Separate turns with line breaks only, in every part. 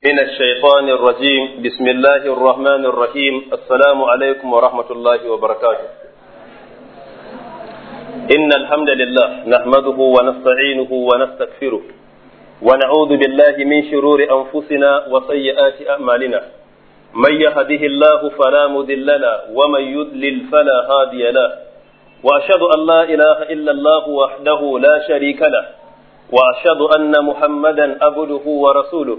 من الشيطان الرجيم بسم الله الرحمن الرحيم السلام عليكم ورحمة الله وبركاته إن الحمد لله نحمده ونستعينه ونستغفره ونعوذ بالله من شرور أنفسنا وسيئات أعمالنا من يهده الله فلا مضل له ومن يضلل فلا هادي له وأشهد أن لا إله إلا الله وحده لا شريك له وأشهد أن محمدا عبده ورسوله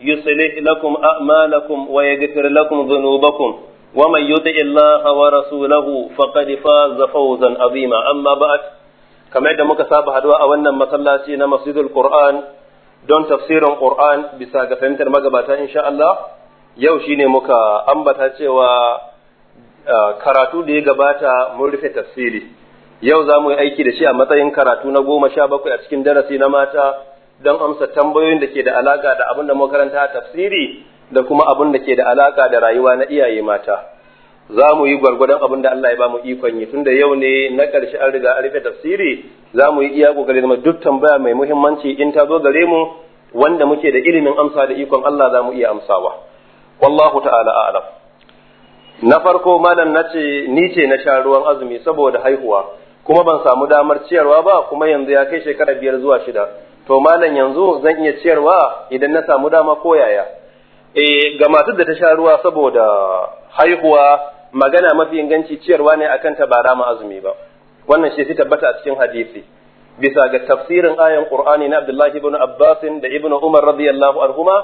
يصلح لكم أعمالكم ويغفر لكم ذنوبكم ومن يطع الله ورسوله فقد فاز فوزا عظيما أما بعد كما يدى مكساب هدوء أولنا مسلاتينا مسجد القرآن دون تفسير القرآن بساقة فهمت المقبات إن شاء الله يوشيني مكا أنبتا cewa karatu da ya gabata mun rufe tafsiri yau za mu yi aiki da shi a matsayin karatu na goma sha bakwai a cikin darasi na mata don amsa tambayoyin da ke da alaka da abin da makaranta tafsiri da kuma abin da ke da alaka da rayuwa na iyaye mata za mu yi gwargwadon abin da Allah ya ba mu ikon yi da yau ne na ƙarshe an riga an rufe tafsiri za mu yi iya ƙoƙari da duk tambaya mai muhimmanci in ta zo gare mu wanda muke da ilimin amsa da ikon Allah za mu iya amsawa wallahu ta'ala a'lam na farko malam nace ni ce na sha ruwan azumi saboda haihuwa kuma ban samu damar ciyarwa ba kuma yanzu ya kai shekara biyar zuwa shida to malam yanzu zan iya ciyarwa idan na samu dama ko yaya eh ga masu da ta sha ruwa saboda haihuwa magana mafi inganci ciyarwa ne akan ta ba rama azumi ba wannan shi tabbata a cikin hadisi bisa ga tafsirin ayan qur'ani na abdullahi ibn abbas da ibn umar radiyallahu anhuma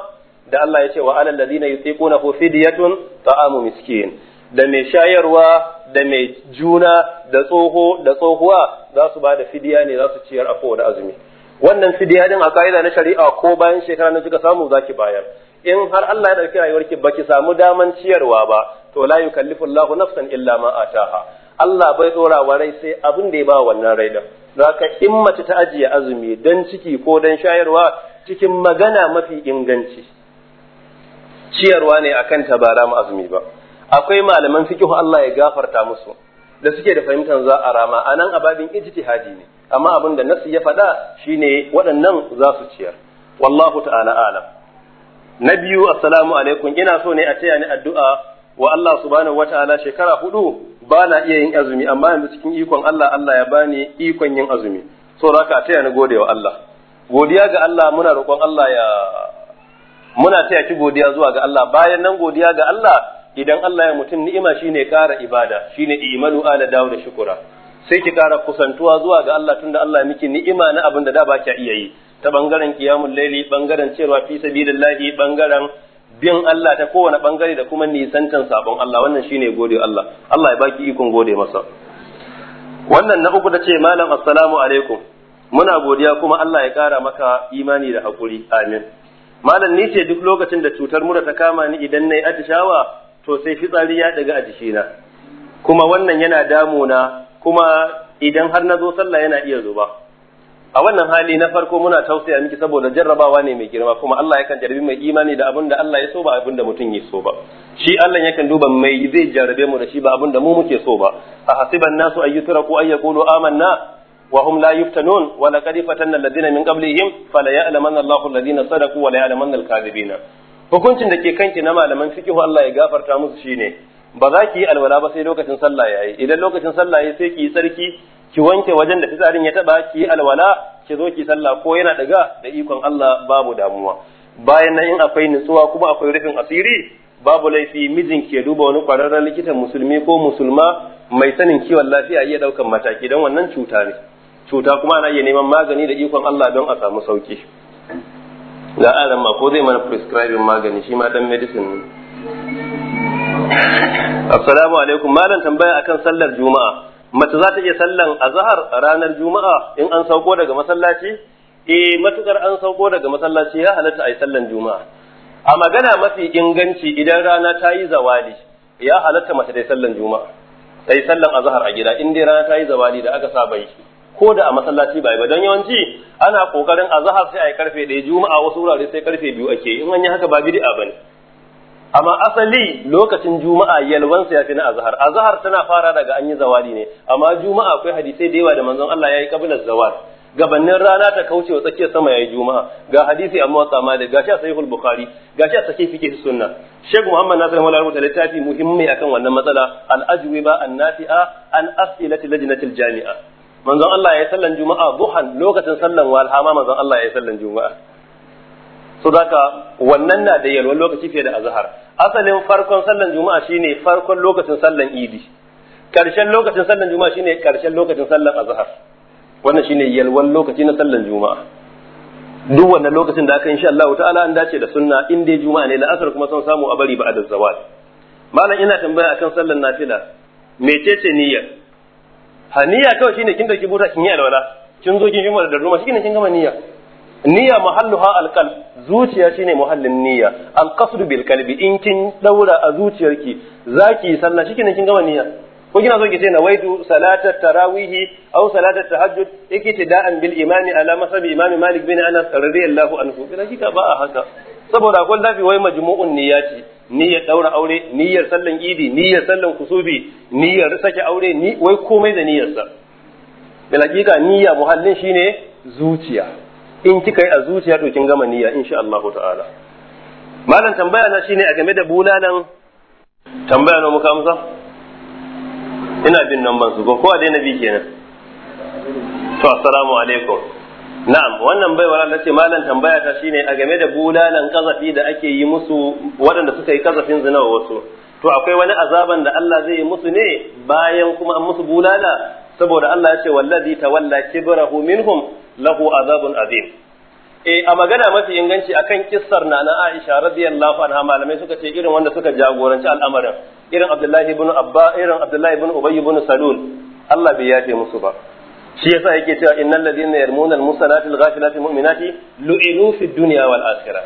da Allah ya ce wa alal ladina yutiquna hu fidyatun ta'amu miskin da mai shayarwa da mai juna da tsoho da tsohuwa za su ba da fidiya ne za su ciyar a kowane azumi wannan fidiya din a ka'ida na shari'a ko bayan shekara na kika samu za ki bayar in har Allah ya ki ba ki samu daman ciyarwa ba to la yukallifu Allahu nafsan illa ma ataha Allah bai tsora wa rai sai abin da ya ba wannan rai da. zaka in mace ta ajiye azumi dan ciki ko dan shayarwa cikin magana mafi inganci ciyarwa ne akan ta mu azumi ba akwai malaman fikihu Allah ya gafarta musu da suke da fahimtar za a rama a nan ababin ijtihadi ne amma abin da nasu ya faɗa shine waɗannan za su ciyar wallahu ta'ala alam na biyu assalamu alaikum ina so ne a taya ni addu'a wa Allah subhanahu wataala shekara hudu ba na iya yin azumi amma yanzu cikin ikon Allah Allah ya bani ikon yin azumi so haka taya ni gode wa Allah godiya ga Allah muna roƙon Allah ya muna taya ki godiya zuwa ga Allah bayan nan godiya ga Allah idan Allah ya mutum ni'ima shine ƙara ibada shine imanu ala da shukura sai ki ƙara kusantuwa zuwa ga Allah tunda Allah miki ni'ima na abin da ba ki iya yi ta bangaren qiyamul laili bangaren cewa fi sabilillahi bangaren bin Allah ta kowane bangare da kuma nisantan sabon Allah wannan shine gode Allah Allah ya baki ikon gode masa wannan na uku da ce malam assalamu alaikum muna godiya kuma Allah ya ƙara maka imani da haƙuri amin malam ni ce duk lokacin da cutar mura ta kama ni idan nayi atishawa to sai fitsari ya daga a jikina kuma wannan yana damu na kuma idan har na zo sallah yana iya zuba a wannan hali na farko muna tausaya miki saboda jarrabawa ne mai girma kuma Allah yakan jarbi mai imani da abin da Allah ya so ba abin da mutum ya so ba shi Allah yakan duba mai zai jarrabe mu da shi ba abin da mu muke so ba a hasiban nasu ayyutraku ayyaqulu amanna وهم لا يفتنون ولقد فتنا الذين من قبلهم فليعلمن الله الذين صدقوا وليعلمن kadhibina hukuncin da ke kanki na malaman fiqh Allah ya gafarta musu shi ne, ba za ki yi alwala ba sai lokacin sallah yayi idan lokacin sallah yayi sai ki yi tsarki ki wanke wajen da fitsarin ya taba ki yi alwala ki zo ki sallah ko yana daga da ikon Allah babu damuwa bayan nan in akwai nutsuwa kuma akwai rufin asiri babu laifi mijin ke duba wani kwararren likitan musulmi ko musulma mai sanin kiwon lafiya iya daukan mataki don wannan cuta ne cuta kuma ana iya neman magani da ikon Allah don a samu sauki ga adam ma ko zai mana prescribing magani shi ma dan medicine ne assalamu alaikum malam tambaya akan sallar juma'a mace za ta iya sallan azhar ranar juma'a in an sauko daga masallaci eh matukar an sauko daga masallaci ya halatta ai sallan juma'a a magana mafi inganci idan rana ta yi zawali ya halatta mace dai sallan juma'a sai sallan azhar a gida in dai rana ta yi zawali da aka saba yi ko da a masallaci ba ba don yawanci ana kokarin a sai a yi karfe ɗaya juma'a wasu wurare sai karfe biyu ake in an haka ba bid'a ba ne amma asali lokacin juma'a yalwansa ya fi na azhar azhar tana fara daga an yi zawali ne amma juma'a akwai hadisai da yawa da manzon Allah ya yi kabilar zawar gabannin rana ta kauce wa tsakiyar sama yayi juma'a ga hadisi amma wasa da gashi a sahihul bukhari gashi a sahih fiqh sunna sheikh muhammad nasir mawla rubuta littafi muhimmi akan wannan matsala al ajwiba an nafi'a an as'ilati lajnatil jami'a manzon Allah ya sallan juma'a duhan lokacin sallan walha ma manzon Allah ya sallan juma'a so zaka wannan na da yalwan lokaci fiye da azhar asalin farkon sallan juma'a shine farkon lokacin sallan idi karshen lokacin sallan juma'a shine karshen lokacin sallan azhar wannan shine yalwan lokaci na sallan juma'a duk wannan lokacin da aka insha Allah ta'ala an dace da sunna in dai juma'a ne la'asar kuma son samu a bari ba da zawal malam ina tambaya akan sallar nafila mecece niyyar haniya kawai shine kin dauki buta kin yi alwala kin zo kin yi da ruwa shine kin gama niyya niyya mahalluha alqal zuciya shine muhallin niyya alqasdu bil kalbi in kin daura a zuciyarki zaki sallah shine kin gama niyya ko kina so ki ce nawaitu salatat tarawihi aw salatat tahajjud iktida'an bil imami ala masabi imami malik bin anas radiyallahu anhu kina kika ba a haka saboda akwai lafi wai majmu'un niyyati niyyar daura aure niyyar sallan idi niyyar sallan kusubi niyyar sake aure ni wai komai da niyyarsa bil hakika niyya muhallin shine zuciya in kika yi a zuciya to kin gama niyya insha Allah ta'ala malam tambaya na shine a game da bulalan tambaya na muka amsa ina bin nan ban su ko a daina kenan to assalamu alaikum na'am wannan baiwar Allah ce malam tambaya ta shine a game da bulalan kazafi da ake yi musu waɗanda suka yi kazafin zina wa wasu to akwai wani azaban da Allah zai yi musu ne bayan kuma an musu bulala saboda Allah ya ce wallazi tawalla kibrahu minhum lahu azabun azim e a magana mafi inganci akan kissar na na Aisha radiyallahu anha malamai suka ce irin wanda suka jagoranci al'amarin irin Abdullahi ibn Abba irin Abdullahi ibn Ubayy ibn Salul Allah bai yafe musu ba shi yasa yake cewa innal ladina yarmuna al musalati al ghafilati al mu'minati lu'inu fi dunya wal akhirah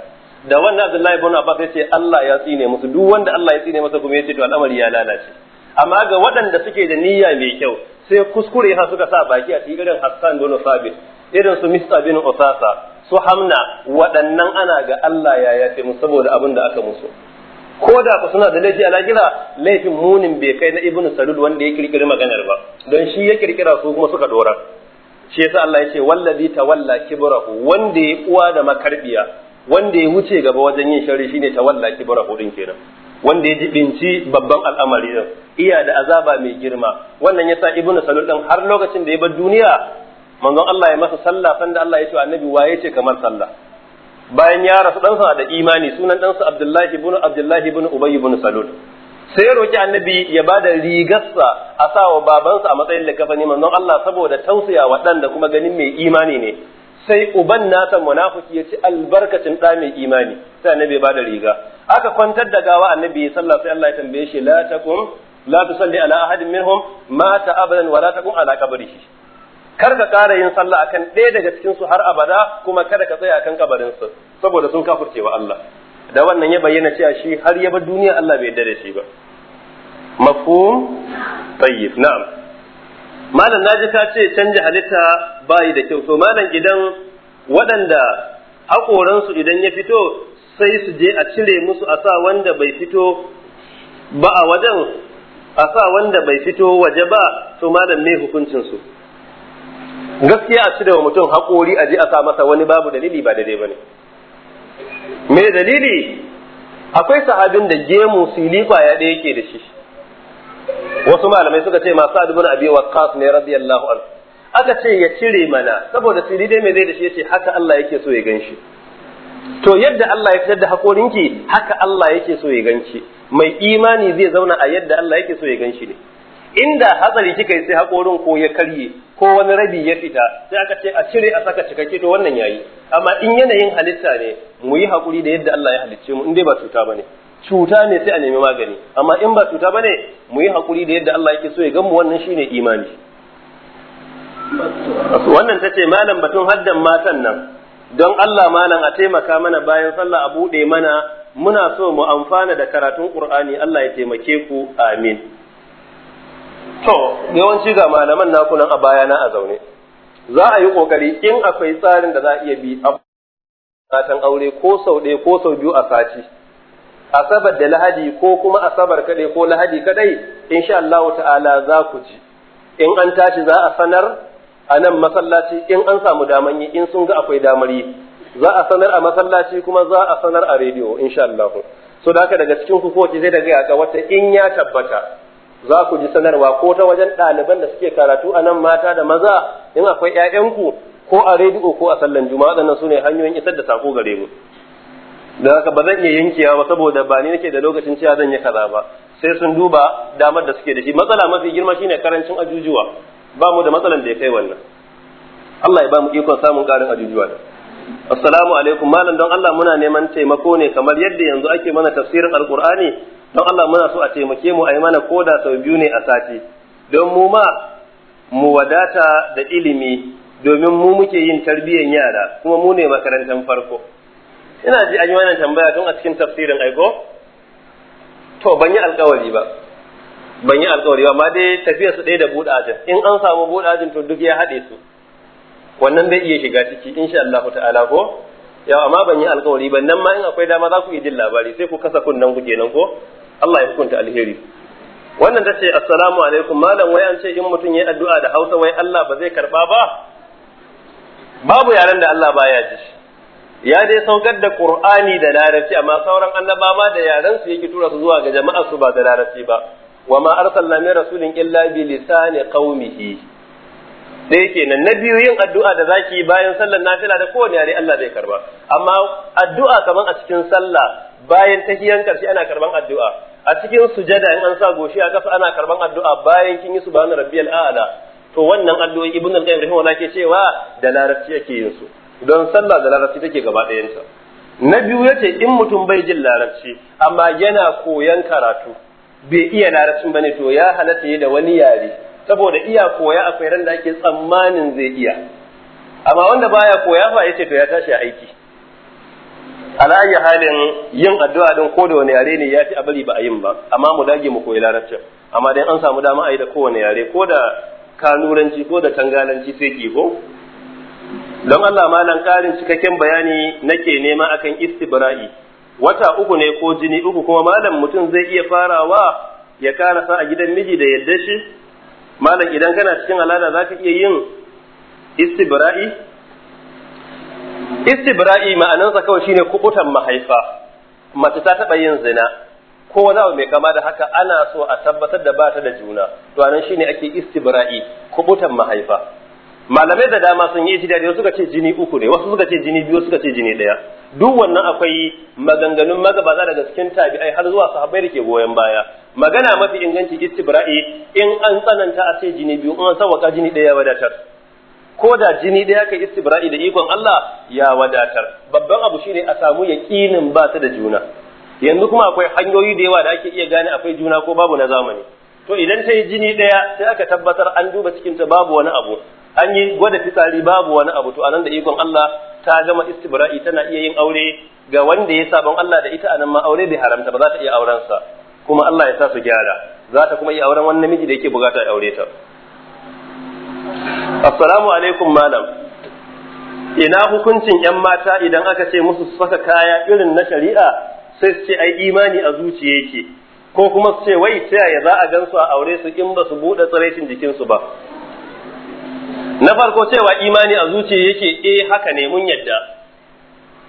da wannan Abdullahi ibn Abbas yace Allah ya tsine musu duk wanda Allah ya tsine masa kuma yace to al'amari ya lalace amma ga waɗanda suke da niyya mai kyau sai kuskure ha suka sa baki a cikin Hassan bin sabit irin su Mr bin Usasa su Hamna waɗannan ana ga Allah ya yafe musu saboda abin da aka musu ko da ku suna da laifi ala lahira laifin munin bai kai na ibnu sarud wanda ya kirkiri maganar ba don shi ya kirkira su kuma suka dora shi yasa Allah ya ce wallazi tawalla kibrahu wanda ya uwa da makarbiya wanda ya wuce gaba wajen yin shari shine tawalla kibrahu din kenan wanda ya jibinci babban al'amari din iya da azaba mai girma wannan yasa ibnu sarud din har lokacin da ya bar duniya manzon Allah ya masa sallah sanda Allah ya ce annabi waye ce kamar sallah bayan ya rasu sa da imani sunan ɗansa Abdullahi ibn Abdullahi ibn Ubay ibn Salul sai roki annabi ya ba da rigarsa a sawa babansa a matsayin da kafani manzon Allah saboda tausaya wa ɗan da kuma ganin mai imani ne sai uban nasa munafiki ya ci albarkacin da mai imani sai annabi ya ba da riga aka kwantar da gawa annabi sallallahu sai Allah ya tambaye shi la taqum la tusalli ala ahadin minhum mata abadan wa la taqum ala kabrihi kar ka ƙara yin sallah akan ɗaya daga cikin su har abada kuma kada ka tsaya akan kabarin su saboda sun kafurce wa Allah da wannan ya bayyana cewa shi har ya bar duniya Allah bai yarda da shi ba mafhum tayyib na'am malam naji ta ce canja halitta bai da kyau to malam idan waɗanda su idan ya fito sai su je a cire musu a sa wanda bai fito ba a wajen a sa wanda bai fito waje ba to malam me hukuncin su gaskiya a cire wa mutum haƙori a je a sa masa wani babu dalili ba daidai bane me dalili akwai sahabin da gemu silifa ya ɗaya yake da shi wasu malamai suka ce masu adubin abi waqqas ne radiyallahu anhu aka ce ya cire mana saboda sili dai me zai da shi yace haka Allah yake so ya ganshi to yadda Allah ya fitar da haƙorinki haka Allah yake so ya ganki mai imani zai zauna a yadda Allah yake so ya ganshi ne inda hatsari kika yi sai haƙorin ko ya karye ko wani rabi ya fita sai aka ce a cire a saka cikakke to wannan yayi amma in yanayin halitta ne mu yi haƙuri da yadda Allah ya halicce mu in dai ba cuta bane cuta ne sai a nemi magani amma in ba cuta bane mu yi haƙuri da yadda Allah yake so ya gamu wannan shine imani wannan tace malam batun haddan matan nan don Allah malam a taimaka mana bayan sallah a buɗe mana muna so mu amfana da karatun Qur'ani Allah ya taimake ku amin to yawanci ga malaman naku nan a baya na a zaune za a yi kokari in akwai tsarin da za a iya bi a matan aure ko sau ɗaya ko sau biyu a sati asabar da lahadi ko kuma asabar kaɗai ko lahadi kaɗai insha Allah ta'ala za ku ji in an tashi za a sanar a nan masallaci in an samu daman yi in sun ga akwai damar yi za a sanar a masallaci kuma za a sanar a rediyo insha Allah so da haka daga cikin ku ko ki sai daga ga wata in ya tabbata za ku ji sanarwa ko ta wajen ɗaliban da suke karatu a nan mata da maza in akwai ‘ya'yanku ko a rediyo ko a sallan juma'a waɗannan su ne hanyoyin isar da sako gare mu da haka ba zan iya yankewa ba saboda ba ni nake da lokacin cewa zan yi kaza ba sai sun duba damar da suke da shi matsala mafi girma shine karancin ajujuwa ba mu da matsalan da ya kai wannan Allah ya ba mu ikon samun karin ajujuwa da assalamu alaikum malam don Allah muna neman taimako ne kamar yadda yanzu ake mana tafsirin alqur'ani don Allah muna so a taimake mu a yi mana koda sau biyu ne a sati don mu ma mu wadata da ilimi domin mu muke yin tarbiyyar yara kuma mu ne makarantar farko ina ji an yi wannan tambaya tun a cikin tafsirin aiko to ban yi alkawari ba ban yi alkawari ba amma dai tafiyar su ɗaya da buɗajin in an samu buɗajin to duk ya haɗe su wannan zai iya shiga ciki insha Allah ta'ala ko ya amma ban yi alkawari ba nan ma in akwai dama za ku iya jin labari sai ku kasa kunnen ku kenan ko Allah ya hukunta alheri wannan ta ce assalamu alaikum malam wai an ce in mutum ya addu'a da hausa wai Allah ba zai karba ba babu yaren da Allah baya ji ya dai saukar da qur'ani da larabci amma sauran annabawa da yaren su yake tura su zuwa ga jama'a su ba da larabci ba wa ma arsalna min rasulin illa bi lisani qaumihi sai kenan na biyu yin addu'a da zaki bayan sallar nafila da kowane yare Allah zai karba amma addu'a kaman a cikin sallah bayan tahiyan karshe ana karban addu'a a cikin sujada in an sa goshi a kasa ana karban addu'a bayan kin yi subhana rabbiyal a'la to wannan addu'o'i ibn al-qayyim rahimahullah ke cewa da larabci yake yin su don sallah da larabci take gaba ɗayanta na biyu ce in mutum bai jin larabci amma yana koyan karatu bai iya larabcin bane to ya halatta da wani yare saboda iya koya akwai ran da ake tsammanin zai iya amma wanda baya koya fa yace to ya tashi aiki ala ayi halin yin addu'a din ko da wani yare ne yafi a bari ba a yin ba amma mu dage mu koyi larabcin amma dai an samu dama a yi da kowane yare ko da kanuranci ko da tangalanci sai ki ko don Allah malam karin cikakken bayani nake nema akan istibra'i wata uku ne ko jini uku kuma malam mutum zai iya farawa ya karasa a gidan miji da yadda shi malam idan kana cikin alada zaka iya yin istibra'i istibra'i ma'anansa kawai shine kubutan mahaifa mace ta taba yin zina ko wani abu mai kama da haka ana so a tabbatar da bata da juna to anan shine ake istibra'i kubutan mahaifa malamai da dama sun yi ijtihadi wasu suka ce jini uku ne wasu suka ce jini biyu suka ce jini daya duk wannan akwai maganganun magabaza daga cikin tabi'ai har zuwa sahabbai da ke goyon baya magana mafi inganci istibra'i in an tsananta a ce jini biyu in an sawaka jini daya wadatar ko da jini ɗaya ka istibra'i da ikon Allah ya wadatar babban abu shine a samu yaƙinin ba su da juna yanzu kuma akwai hanyoyi da yawa da ake iya gane akwai juna ko babu na zamani to idan ta yi jini daya sai aka tabbatar an duba cikin ta babu wani abu an yi gwada fitsari babu wani abu to anan da ikon Allah ta gama istibra'i tana iya yin aure ga wanda ya sabon Allah da ita anan ma aure bai haramta ba za ta iya auren sa kuma Allah ya sa su gyara za ta kuma iya auren wani namiji da yake bukata ya aure ta assalamu alaikum malam ina hukuncin yan mata idan aka ce musu su saka kaya irin na shari'a sai su ce ai imani a zuciya yake ko kuma su ce wai ta yaya za a gan su a aure su in ba su buɗe tsiraicin jikinsu ba na farko cewa imani a zuciya yake eh haka ne mun yadda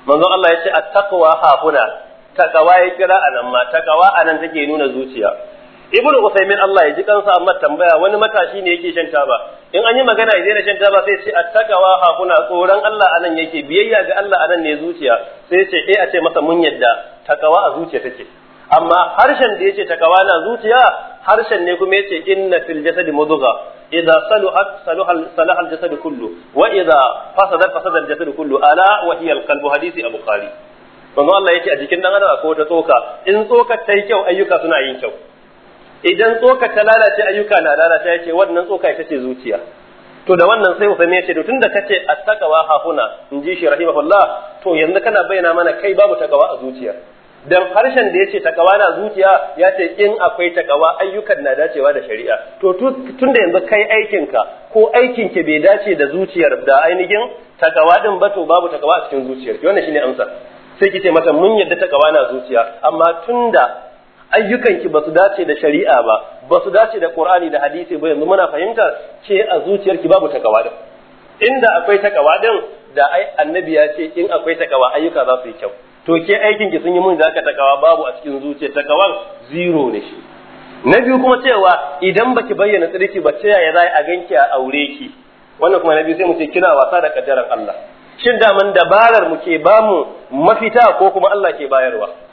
manzon Allah ya ce at-taqwa hafuna takawa ya kira anan ma taqwa anan take nuna zuciya ibn usaymin Allah ya ji kansa amma tambaya wani matashi ne yake shan taba in an yi magana ya daina shan taba sai ce a ha kuna tsoron Allah anan yake biyayya ga Allah anan ne zuciya sai ce eh a ce masa mun yadda takawa a zuciya take amma harshen da yace takawa na zuciya harshen ne kuma yace inna fil jasadi mudugha idza saluhat saluhal salahal jasad kullu wa idza fasada fasada al jasad kullu ala wa hiya al qalbu hadisi abu qari manzo Allah yace a jikin dan adam akwai wata tsoka in tsokar tai kyau ayyuka suna yin kyau idan tsoka ta lalace ayyuka na lalace ya ce wannan tsoka ita ce zuciya to da wannan sai Usaimi ya ce to tunda kace attaqwa hahuna in ji shi rahimahullah to yanzu kana bayyana mana kai babu takawa a zuciya dan harshen da yace takawa na zuciya ya ce in akwai takawa ayyukan na dacewa da shari'a to tunda yanzu kai aikinka ko aikin ki bai dace da zuciyar da ainihin takawa din ba to babu takawa a cikin zuciyar wannan shine amsa sai kice mata mun yadda takawa na zuciya amma tunda ayyukanki ba su dace da shari'a ba ba su dace da qur'ani da hadisi ba yanzu muna fahimta ce a zuciyarki babu takawa din inda akwai takawa din da ai annabi ya ce in akwai takawa ayyuka za su yi kyau to ke aikin ki sun yi mun da aka takawa babu a cikin zuciya takawan zero ne shi na biyu kuma cewa idan baki bayyana tsirki ba ta yaya za a ganki a aure ki wannan kuma na sai mu ce kina wasa da kaddarar Allah shin daman dabarar mu ke bamu mafita ko kuma Allah ke bayarwa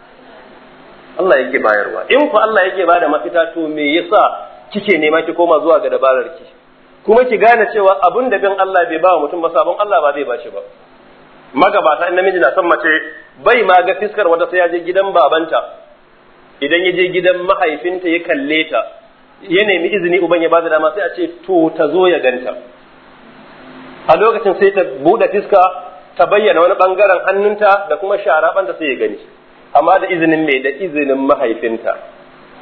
Allah yake bayarwa in ku Allah yake bada mafita to me yasa kike nema ki koma zuwa ga dabarar ki kuma ki gane cewa abun da bin Allah bai bawa mutum ba sabon Allah ba zai bashi ba magabata in namiji na son mace bai ma ga fiskar wata sai ya je gidan babanta idan ya je gidan mahaifinta ya kalle ta ya nemi izini uban ya bada dama sai a ce to ta zo ya ganta a lokacin sai ta buɗe fiska ta bayyana wani bangaren hannunta da kuma shara banta sai ya gani amma da izinin mai da izinin mahaifinta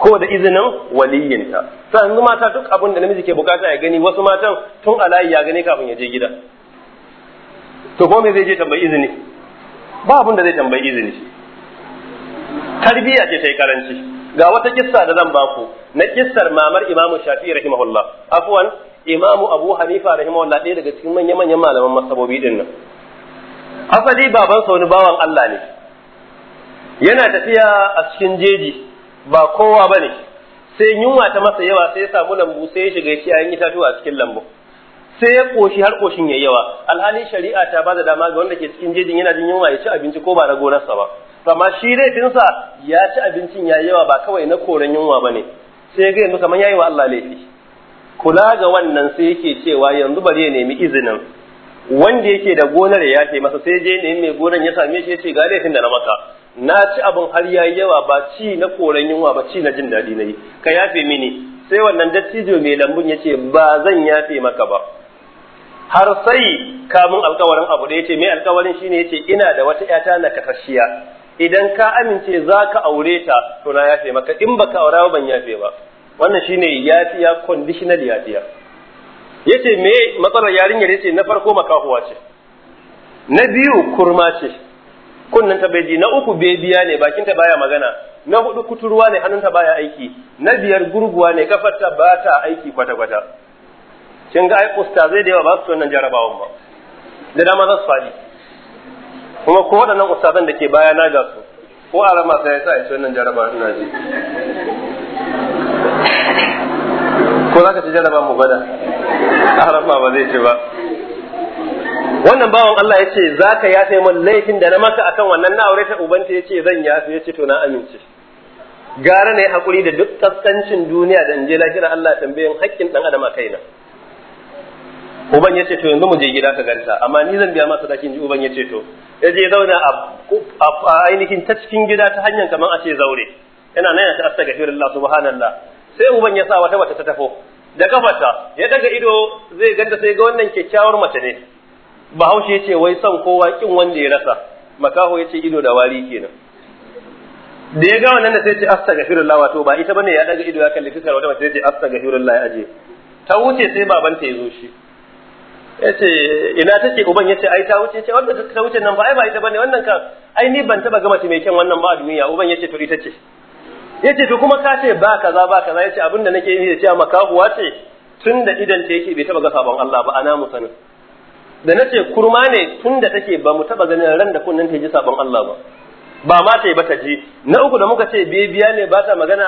ko da izinin waliyinta yanzu mata duk abin da namiji ke bukata ya gani wasu matan tun a layi ya gani kafin ya je gida to ko me zai je tambayi izini ba abin da zai tambayi izini tarbiyya ce ta karanci ga wata kissa da zan baku na kissar mamar imamu shafi'i rahimahullah afwan imamu abu hanifa rahimahullah ɗaya daga cikin manya-manyan malaman masabobi din asali baban sauni wani bawan Allah ne yana tafiya a cikin jeji ba kowa bane sai yunwa ta masa yawa sai ya samu lambu sai ya shiga shi ayin itatuwa a cikin lambu sai ya koshi har koshin yayi yawa alhali shari'a ta ba da dama ga wanda ke cikin jejin yana jin yunwa ya ci abinci ko ba na gonarsa ba amma shi laifinsa ya ci abincin yayi yawa ba kawai na koren yunwa bane sai ga yanzu kamar yayi wa Allah laifi kula ga wannan sai yake cewa yanzu bari ya nemi izinin wanda yake da gonar ya ce masa sai je ne mai gonar ya same shi ya ce ga laifin da na maka na ci abin har yayi yawa ba ci na koran yunwa ba ci na jin daɗi na yi ka yafe mini sai wannan dattijo mai lambun ya ce ba zan yafe maka ba har sai kamun alkawarin abu da ya ce mai alkawarin shine ya ce ina da wata ta na kasashiya idan ka amince za ka aure ta to na yafe maka in baka aura ban yafe ba wannan shine yafiya conditional yafiya yace me matsalar yarinyar yace na farko makahuwa ce na biyu kurma ce kunnen ta bai ji na uku bebiya ne bakin ta baya magana na hudu kuturwa ne hannun ta baya aiki na biyar gurguwa ne kafar ta ba ta aiki kwata kwata kin ga ai zai da yawa ba su wannan jarabawan ba da dama za su faɗi kuma ko waɗannan ustazan da ke baya na ga su ko alama sai sa ya ci wannan jarabawa ina ji ko za ka ci jaraba mu gada a ba zai ci ba wannan bawan Allah ya ce za ka yafe min laifin da na maka akan wannan na aure ta ubanta ya ce zan yafe ya ce to na amince gara ne hakuri da duk kaskancin duniya da je lahira Allah tambayin haƙƙin dan adam a kaina uban ya ce to yanzu mu je gida ka ganta amma ni zan biya masa dakin ji uban ya ce to ya je zauna a ainihin ta cikin gida ta hanyar kamar a ce zaure yana nan ya ta astaghfirullah subhanallah sai uban ya sa wata wata ta tafo da kafarta ya daga ido zai ganta sai ga wannan kyakkyawar mace ne bahaushe yace wai son kowa kin wanda ya rasa makaho yace ido da wari kenan da ya ga wannan da sai ce astaghfirullah wato ba ita bane ya daga ido ya kalli fiskar wata mace sai ce astaghfirullah ya aje ta wuce sai babanta ya zo shi yace ina take uban yace ai ta wuce ce wanda ta wuce nan ba ai ba ita bane wannan kan ai ni ban taba gama mace mai kyan wannan ba a duniya uban yace to ita ce yace to kuma ka ce ba kaza ba kaza yace abinda nake yi da cewa makahuwa ce da idan ta yake bai taba ga sabon Allah ba ana musanin da nace kurma ne tun da take ba mu taba ganin ran da kunnen ta ji sabon Allah ba ba ma ta yi ba ta ji na uku da muka ce biya ne ba ta magana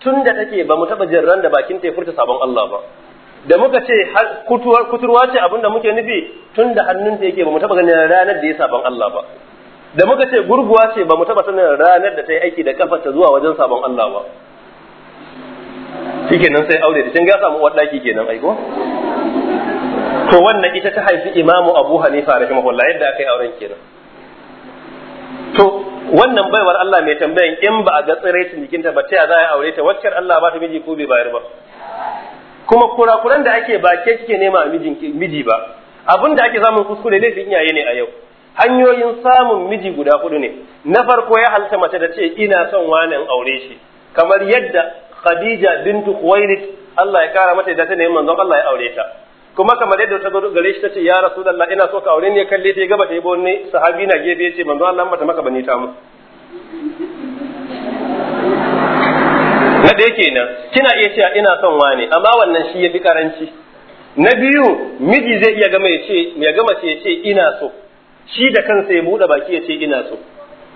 tun da take ba mu taba jin ran da bakin ta furta sabon Allah ba da muka ce kuturwa ce abin da muke nufi tun da hannun ta yake ba mu taba ganin ranar da ya sabon Allah ba da muka ce gurguwa ce ba mu taba sanin ranar da ta yi aiki da kafarta zuwa wajen sabon Allah ba kenan sai aure da shin ga samu wadaki kenan aiko to wannan ita ta haifi imamu abu hanifa rahimahullah yadda aka yi auren kenan to wannan baiwar Allah mai tambayan in ba a ga tsiraitin jikinta ba ta za a aure ta wacce Allah ba ta miji ko bai bayar ba kuma kurakuran da ake ba ke kike nema a miji ba abin da ake samun kuskure laifin iyaye ne a yau hanyoyin samun miji guda hudu ne na farko ya halta mace da ce ina son wani aure shi kamar yadda Khadija bintu Khuwailid Allah ya kara mata da ta nemi manzon Allah ya aure ta kuma kamar yadda ta gudu gare shi ce ya rasulullah ina so ka aure ne kalle ta gaba ta yi wani sahabi na gefe yace manzo Allah mata maka bane ta mu na da kenan kina iya cewa ina son wani amma wannan shi yafi karanci na biyu miji zai iya gama ya ce ya gama ce ya ce ina so shi da kansa ya buɗe baki ya ce ina so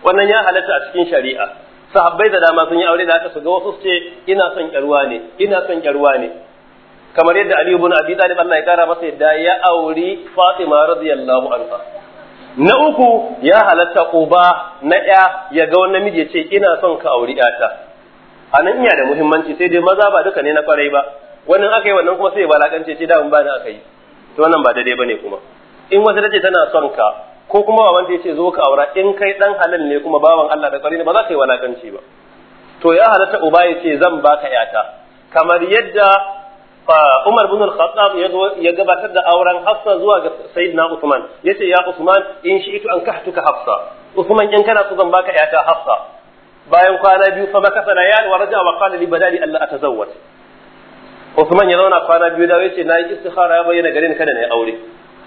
wannan ya halatta a cikin shari'a sahabbai da dama sun yi aure da aka su ga wasu su ce ina son kyarwa ne ina son kyarwa ne kamar yadda Ali ibn Abi Talib Allah ya kara masa yadda ya auri Fatima radiyallahu anha na uku ya halatta uba na ya ya ga wani namiji ya ce ina son ka auri ta a nan iya da muhimmanci sai dai maza ba duka ne na kwarai ba wannan aka yi wannan kuma sai balakance ce da mun ba da aka yi to wannan ba daidai bane kuma in wata tace tana son ka ko kuma baban ta yace zo ka aura in kai dan halal ne kuma bawan Allah da kwarai ne ba za ka yi walakanci ba to ya halatta uba ya ce zan baka yata kamar yadda Umar bin al-Khattab ya gabatar da auren Hafsa zuwa ga Sayyidina Usman yace ya Usman in shi an kahtuka Hafsa Usman in kana so zan baka yata Hafsa bayan kwana biyu fa maka wa raja wa qala li badali Allah atazawwaj Usman ya zauna kwana biyu da yace nayi istikhara ya bayyana garin kada na aure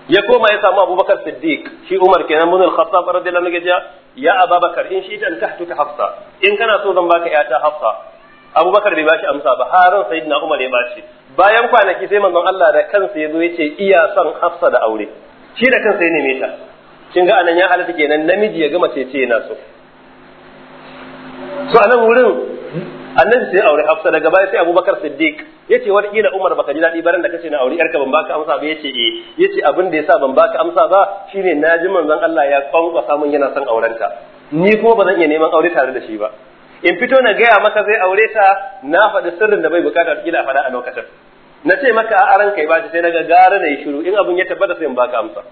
ya koma ya samu Abubakar Siddiq shi Umar kenan bin al-Khattab radiyallahu anhu ya Abubakar in an kahtuka Hafsa in kana so zan baka yata Hafsa Abubakar bai bashi amsa ba harin Sayyidina Umar ya bashi bayan kwanaki sai manzon Allah da kansa ya zo ya ce iya son Hafsa da aure shi da kansa ya neme ta kin ga anan ya halatta kenan namiji ya gama ce ce yana so so anan wurin annabi sai aure Hafsa daga baya sai Abubakar Siddiq yace wani kila Umar baka ji dadi baran da kace na aure yarka ban baka amsa ba yace eh yace abin da yasa ban baka amsa ba shine naji manzon Allah ya kwankwasa mun yana son aurenka ni kuma ba zan iya neman aure tare da shi ba in fito na gaya maka zai aure ta na faɗi sirrin da bai bukata kila a faɗa a lokacin na ce maka a aran kai bashi sai na ga gara na yi shiru in abin ya tabbata sai in baka amsa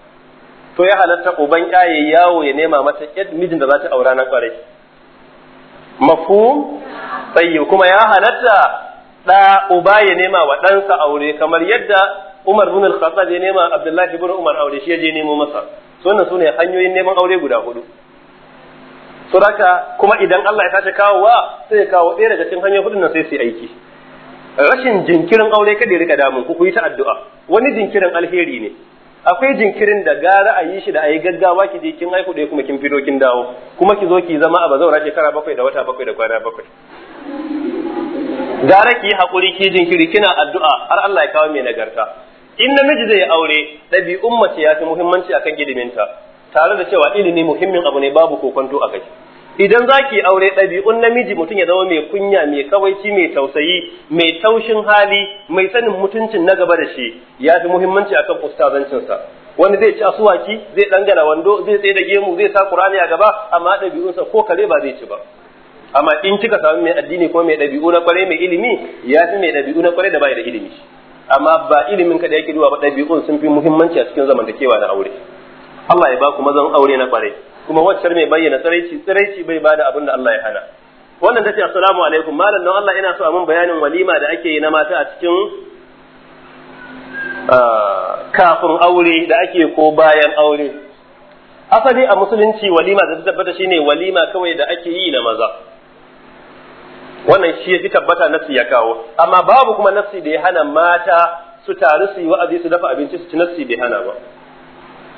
to ya halatta uban ƙaye yawo ya nema mata mijin da za ta aura na kwarai mafu tayyib kuma ya halatta da uba ya nema wa ɗansa aure kamar yadda Umar bin Al-Khattab ya nema Abdullahi bin Umar aure shi ya je nemo masa sunan-sunan hanyoyin neman aure guda hudu suraka kuma idan Allah ya kawo kawowa sai ya kawo ɗaya daga cikin hanyar hudun nan sai su yi aiki rashin jinkirin aure kada ya rika damun ku yi ta addu'a wani jinkirin alheri ne akwai jinkirin da gara a yi shi da a yi gaggawa ki je kin haihu ɗaya kuma kin fito kin dawo kuma ki zo ki zama a bazaura shekara bakwai da wata bakwai da kwana bakwai gara ki yi haƙuri ki jinkiri kina addu'a har Allah ya kawo mai nagarta in namiji zai aure ɗabi'un mace ya fi muhimmanci akan gidiminta tare da cewa ilimi muhimmin abu ne babu kokonto a kai idan za ki aure ɗabi'un namiji mutum ya zama mai kunya mai kawaici mai tausayi mai taushin hali mai sanin mutuncin na gaba da shi ya fi muhimmanci akan ustazancinsa wani zai ci asuwaki zai dangana wando zai tsaye da gemu zai sa kurani a gaba amma ɗabi'unsa ko kare ba zai ci ba amma in kika samu mai addini ko mai dabi'u na kwarai mai ilimi ya fi mai ɗabi'u na kwarai da bai da ilimi amma ba ilimin da yake duba ba ɗabi'un sun fi muhimmanci a cikin zamantakewa da aure Allah ya ba mazan aure na kwarai kuma waccar mai bayyana tsiraici tsiraici bai bada abin da Allah ya hana wannan tace assalamu alaikum malam don Allah ina so a mun bayanin walima da ake yi na mata a cikin ah, kafin aure da ake ko bayan aure asali a musulunci walima da ta tabbata shine walima kawai da ake yi na maza wannan shi ya tabbata nafsi ya kawo amma babu kuma nafsi da ya hana mata su taru su yi wa'azi su dafa abinci su ci nafsi bai hana ba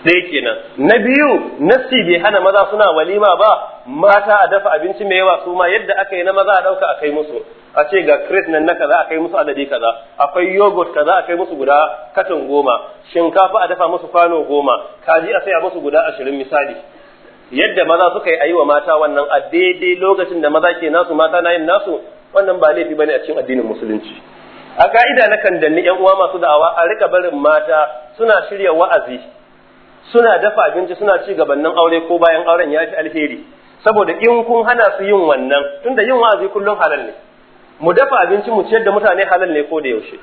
sai kenan na biyu nassi bai hana maza suna walima ba mata a dafa abinci mai yawa su ma yadda aka yi na maza a dauka a kai musu a ce ga kris nan na kaza a kai musu adadi kaza akwai yogurt kaza a kai musu guda katon goma shinkafa a dafa musu kwano goma kaji a saya musu guda ashirin misali yadda maza suka yi ayi wa mata wannan a daidai lokacin da maza ke nasu mata na yin nasu wannan ba laifi bane a cikin addinin musulunci a ka'ida na kan danni yan uwa masu da'awa a rika barin mata suna shirya wa'azi suna dafa abinci suna ci gabanin aure ko bayan auren ya fi alheri saboda in kun hana su yin wannan tunda yin wa'azi kullum halal ne mu dafa abinci mu ciyar da mutane halal ne ko da yaushe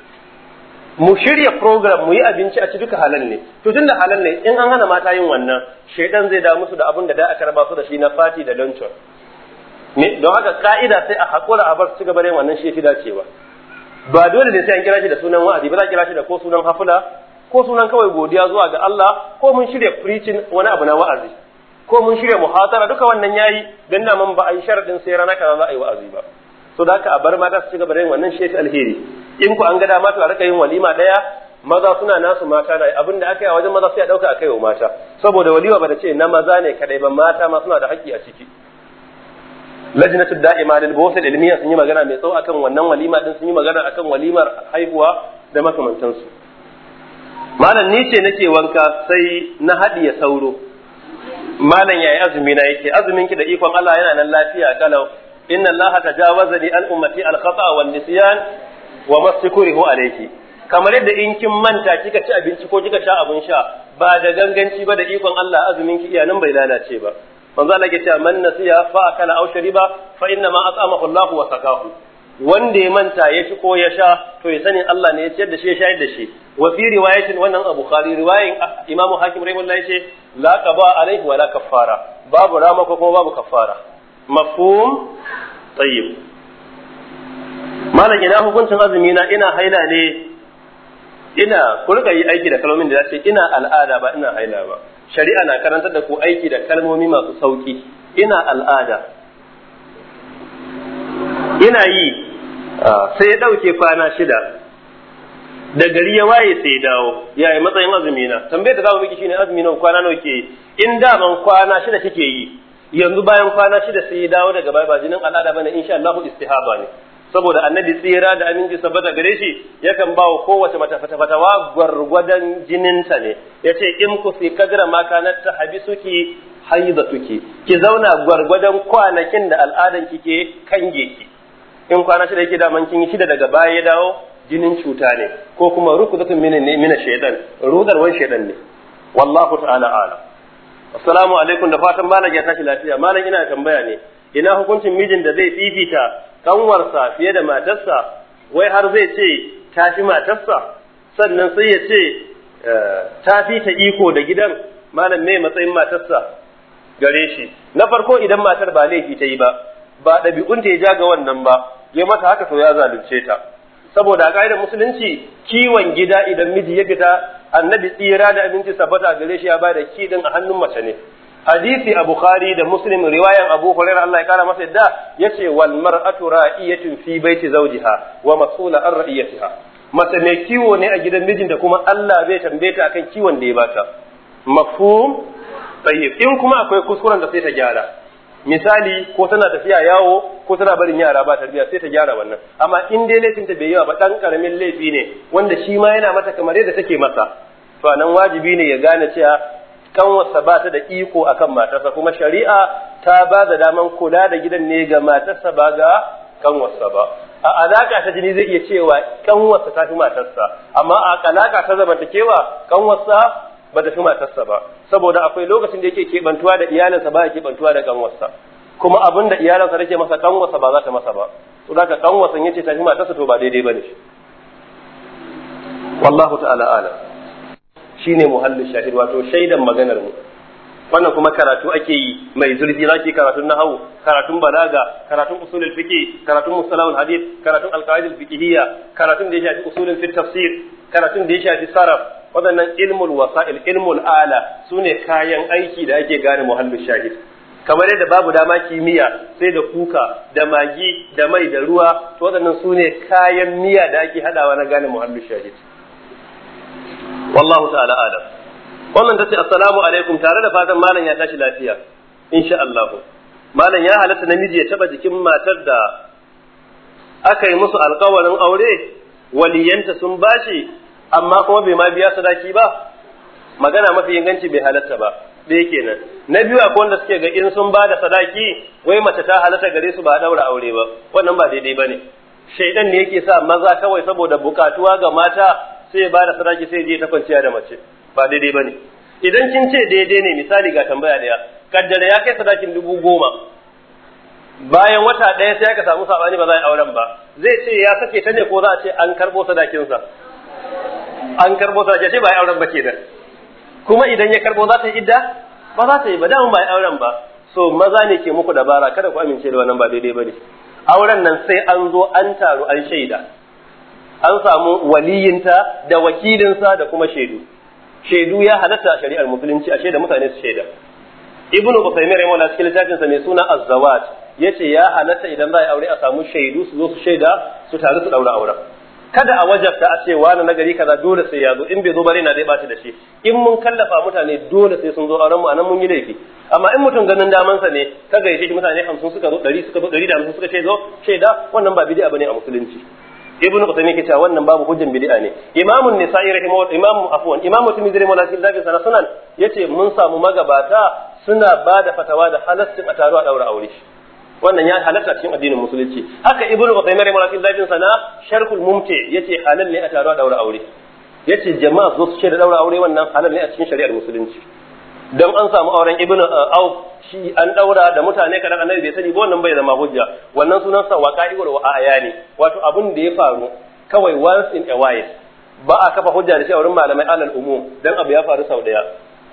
mu shirya program mu yi abinci a ci duka halal ne to tunda halal ne in an hana mata yin wannan shaidan zai da musu da abin da da aka raba su da shi na fati da ne don haka ka'ida sai a hakura a bar su gaba da yin wannan shi ya fi dacewa ba dole ne sai an kira shi da sunan wa'azi ba za a kira shi da ko sunan hafula ko sunan kawai godiya zuwa ga Allah ko mun shirya preaching wani abu na wa'azi ko mun shirya muhatara duka wannan yayi dan da mun ba a yi sharadin sai rana kaza za a yi wa'azi ba so da haka a bar mata su ci gaba da yin wannan shi alheri in ku an gada dama to a rika yin walima daya maza suna nasu mata da abin da aka yi a wajen maza sai a ɗauka a wa mata saboda walima ba da ce na maza ne kadai ba mata ma suna da haƙƙi a ciki lajnatu da'ima lil bawsat ilmiya sun yi magana mai tsawo akan wannan walima din sun yi magana akan walimar haihuwa da makamantansu malam ni ce nake wanka sai na ya sauro malam yayi azumi na yake azumin ki da ikon Allah yana nan lafiya kalau inna Allah jawaza li al ummati al khata wal nisyan wa mastakurihu alayki kamar yadda in kin manta kika ci abinci ko kika sha abin sha ba da ganganci ba da ikon Allah azumin ki iyanan bai lalace ba manzo Allah ya ce man nasiya fa kana aw shariba fa inna ma at'amahu Allah wa sakahu wanda ya manta ya ci ko ya sha to ya sani Allah ne ya ciyar da shi ya shayar da shi wa fi riwayatin wannan Abu Bukhari riwayin ah, Imam Hakim rahimahullahi yace la qaba alaihi wa la kaffara babu rama ko kuma babu kaffara mafhum tayyib malam ina hukuncin azumi na ina haila ne ina ku rika yi aiki da kalmomin da zace ina al'ada ba ina haila ba shari'a na karantar da ku aiki da kalmomi masu sauki ina al'ada ina yi Ah, sai ya ɗauke kwana shida da gari ya waye sai ya dawo ya matsayin azumi na tambayar da zamu miki shine azumi na kwana nawa ke in da ban kwana shida kike yi yanzu bayan kwana shida sai ya dawo daga baya ba jinin al'ada bane insha Allah istihaba ne saboda annabi tsira da aminci sabbata gare shi yakan bawa kowace mata fatawa gwargwadon jininta ne yace in ku fi kadra ma kanat tahbisuki haidatuki ki zauna gwargwadon kwanakin da al'adan kike kange ki in kwana shida yake daman kin yi shida daga baya ya dawo jinin cuta ne ko kuma rukudatun min ne min shaytan wan shaytan ne wallahu ta'ala ala assalamu alaikum da fatan malam ya tashi lafiya malam ina tambaya ne ina hukuncin mijin da zai fifita kanwarsa fiye da matarsa wai har zai ce ta fi matarsa sannan sai ya ce eh, ta fi ta iko da gidan malam ne matsayin matarsa gare shi na farko idan matar ba laifi ta yi ba ba ɗabi'un ta ya ja ga wannan ba ya mata haka to ya zalunce ta saboda a ka'idar musulunci kiwon gida idan miji ya fita annabi tsira da abinci sabata gare shi ya ba da din a hannun mace ne hadisi a bukhari da muslim riwayan abu hurairah Allah ya kara masa yadda yace wal mar'atu ra'iyatun fi baiti zawjiha wa mas'ula an ra'iyatiha mace mai kiwo ne a gidan mijin da kuma Allah zai tambaye ta akan kiwon da ya bata mafhum tayyib in kuma akwai kuskuren da sai ta gyara misali ko tana tafiya yawo ko tana barin yara ba tarbiya sai ta gyara wannan amma in dai laifin ta bai yawa ba dan karamin laifi ne wanda shi ma yana mata kamar yadda take masa to nan wajibi ne ya gane cewa kanwarsa ba ta da iko akan matarsa kuma shari'a ta ba da daman kula da gidan ne ga matarsa ba ga kanwarsa ba a alaka ta jini zai iya cewa kanwarsa ta fi matarsa amma a alaka ta zamantakewa kanwarsa ba da fi matarsa ba saboda akwai lokacin da yake kebantuwa da iyalinsa ba ya kebantuwa da kanwarsa kuma abin da iyalinsa take masa kanwarsa ba za ta masa ba to da ka yace ta fi matarsa to ba daidai bane wallahu ta'ala alam shine muhallin shahid wato shaidan maganar mu wannan kuma karatu ake yi mai zurfi zaki karatun nahawu karatun balaga karatun usulul fiqh karatun musalahul hadith karatun alqaidul fiqhiyya karatun da ya shafi usulul fit tafsir karatun da ya shafi saraf waɗannan ilmul wasa'il ilmul ala su ne kayan aiki da ake gane muhallin shahid kamar yadda babu dama kimiyya sai da kuka da magi da mai da ruwa to waɗannan su ne kayan miya da ake haɗawa na gane muhallin shahid wallahu ta'ala alam wannan tace assalamu alaikum tare da fatan malam ya tashi lafiya insha Allah malam ya halatta namiji ya taba jikin matar da aka yi musu alƙawarin aure waliyanta sun bashi amma kuma bai ma biya sadaki ba magana mafi inganci bai halatta ba yake kenan na biyu akwai wanda suke ga in sun ba da sadaki wai mace ta halatta gare su ba a daura aure ba wannan ba daidai ba ne shaidan ne yake sa maza kawai saboda bukatuwa ga mata sai ba da sadaki sai je ta kwanciya da mace ba daidai ba ne idan kin ce daidai ne misali ga tambaya daya kaddara ya kai sadakin dubu goma bayan wata ɗaya sai aka samu sabani ba za a yi auren ba zai ce ya sake ta ne ko za a ce an karɓo sadakinsa an karbo ta ce ba auren ba ke da kuma idan ya karbo za ta yi idda ba za ta yi ba dama ba auren ba so maza ne ke muku dabara kada ku amince da wannan ba daidai ba ne auren nan sai an zo an taru an shaida an samu waliyinta da wakilinsa da kuma shaidu shaidu ya halatta shari'ar musulunci a shaida mutane su shaida ibnu usaymin rahimahullah cikin littafinsa mai suna az yace ya halatta idan za a aure a samu shaidu su zo su shaida su taru su daura auren kada a wajabta a ce wani na kaza dole sai ya zo in bai zo ba na dai baci da shi in mun kallafa mutane dole sai sun zo auren mu anan mun yi laifi amma in mutum ganin daman sa ne ka gaishe shi mutane 50 suka zo 100 suka zo 150 suka ce zo da wannan ba bid'a bane a musulunci ibnu qutaymi ke cewa wannan babu hujjan bid'a ne imamun nisa'i rahimahu imamu afwan imamu tirmidhi rahimahu zabi sana sunan yace mun samu magabata suna bada fatawa da halaccin a taro a daura aure wannan ya halatta cikin addinin musulunci haka ibnu qayyim rahimahullah bin sana sharhul mumti yace halal ne a taro daura aure yace jama'a zo su ce da daura aure wannan halal ne a cikin shari'ar musulunci dan an samu auren ibnu uh, au shi an daura da mutane kada annabi bai sani ba wannan bai zama hujja wannan sunan sa waqa'i'ul wa ne wato abun da ya faru kawai once in a while ba a kafa hujja da shi a wurin malamai alal umum dan abu ya faru sau daya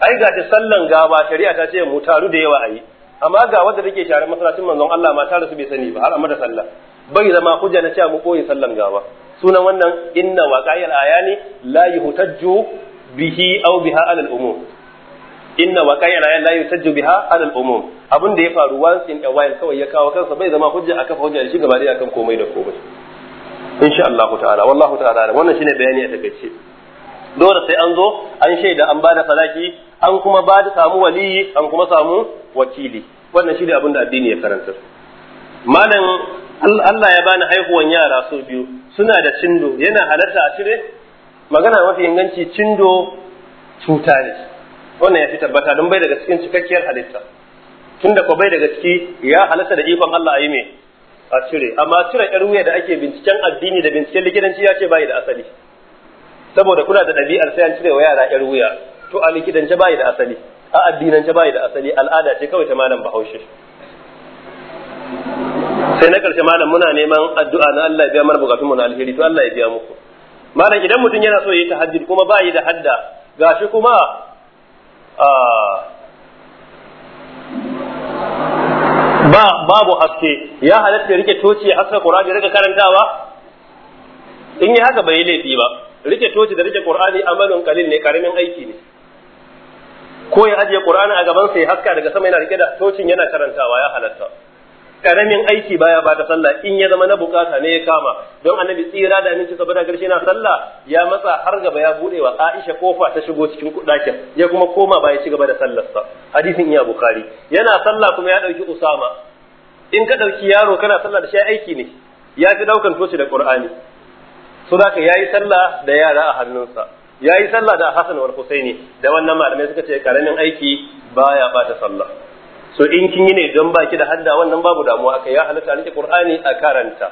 ai ga ta sallan gaba shari'a ta ce mu taru da yawa yi amma ga wanda take share masallacin manzon Allah ma ta su bai sani ba har amma da sallah bai zama hujja na cewa mu koyi sallan gawa sunan wannan inna waqa'il ayani la yuhtajju bihi aw biha alal umum inna waqa'il ayani la yuhtajju biha alal umum abin da ya faru once in a while kawai ya kawo kansa bai zama hujja aka hujja shi gaba da akan komai da komai insha Allah ta'ala wallahu ta'ala wannan shine bayani a takaice dole sai an zo an shaida an bada falaki an kuma ba samu waliyi an kuma samu wakili wannan shi ne abin da addini ya karanta malam Allah ya bani haihuwan yara so biyu suna da cindo yana halarta a cire magana mafi inganci cindo cuta ne wannan ya fi tabbata don bai daga cikin cikakkiyar halitta tunda ko bai daga ciki ya halarta da ikon Allah a yi mai a cire amma cire yar wuya da ake binciken addini da binciken likitanci ya ce bai da asali saboda kuna da ɗabi'ar sai an cire wa yara ƴar wuya to a likitance bayi da asali a addinance bayi da asali al'ada ce kawai ta malam bahaushe sai na karshe malam muna neman addu'a na Allah ya biya mana bukatun mu na alheri to Allah ya biya muku malam idan mutum yana so ya yi tahajjud kuma bayi da hadda gashi kuma ba babu haske ya halatta rike toci haska qur'ani rike karantawa in yi haka bai laifi ba rike toci da rike qur'ani amalun kalil ne karamin aiki ne ko ya ajiye qur'ani a gaban sa ya haska daga sama yana rike da tocin yana karantawa ya halatta karamin aiki baya ba ta sallah in ya zama na bukata ne ya kama don annabi tsira da aminci saboda karshe na sallah ya matsa har gaba ya bude wa Aisha kofa ta shigo cikin kudakin ya kuma koma baya cigaba gaba da sallarsa hadisin iya bukari yana sallah kuma ya dauki Usama in ka dauki yaro kana sallah da shi aiki ne ya fi daukan toci da Qur'ani so ya yayi sallah da yara a hannunsa yayi sallah da Hassan wal Husaini da wannan malamai suka ce karamin aiki baya bata sallah so in kin yi ne don baki da hadda wannan babu damuwa aka ya halatta nake Qur'ani a karanta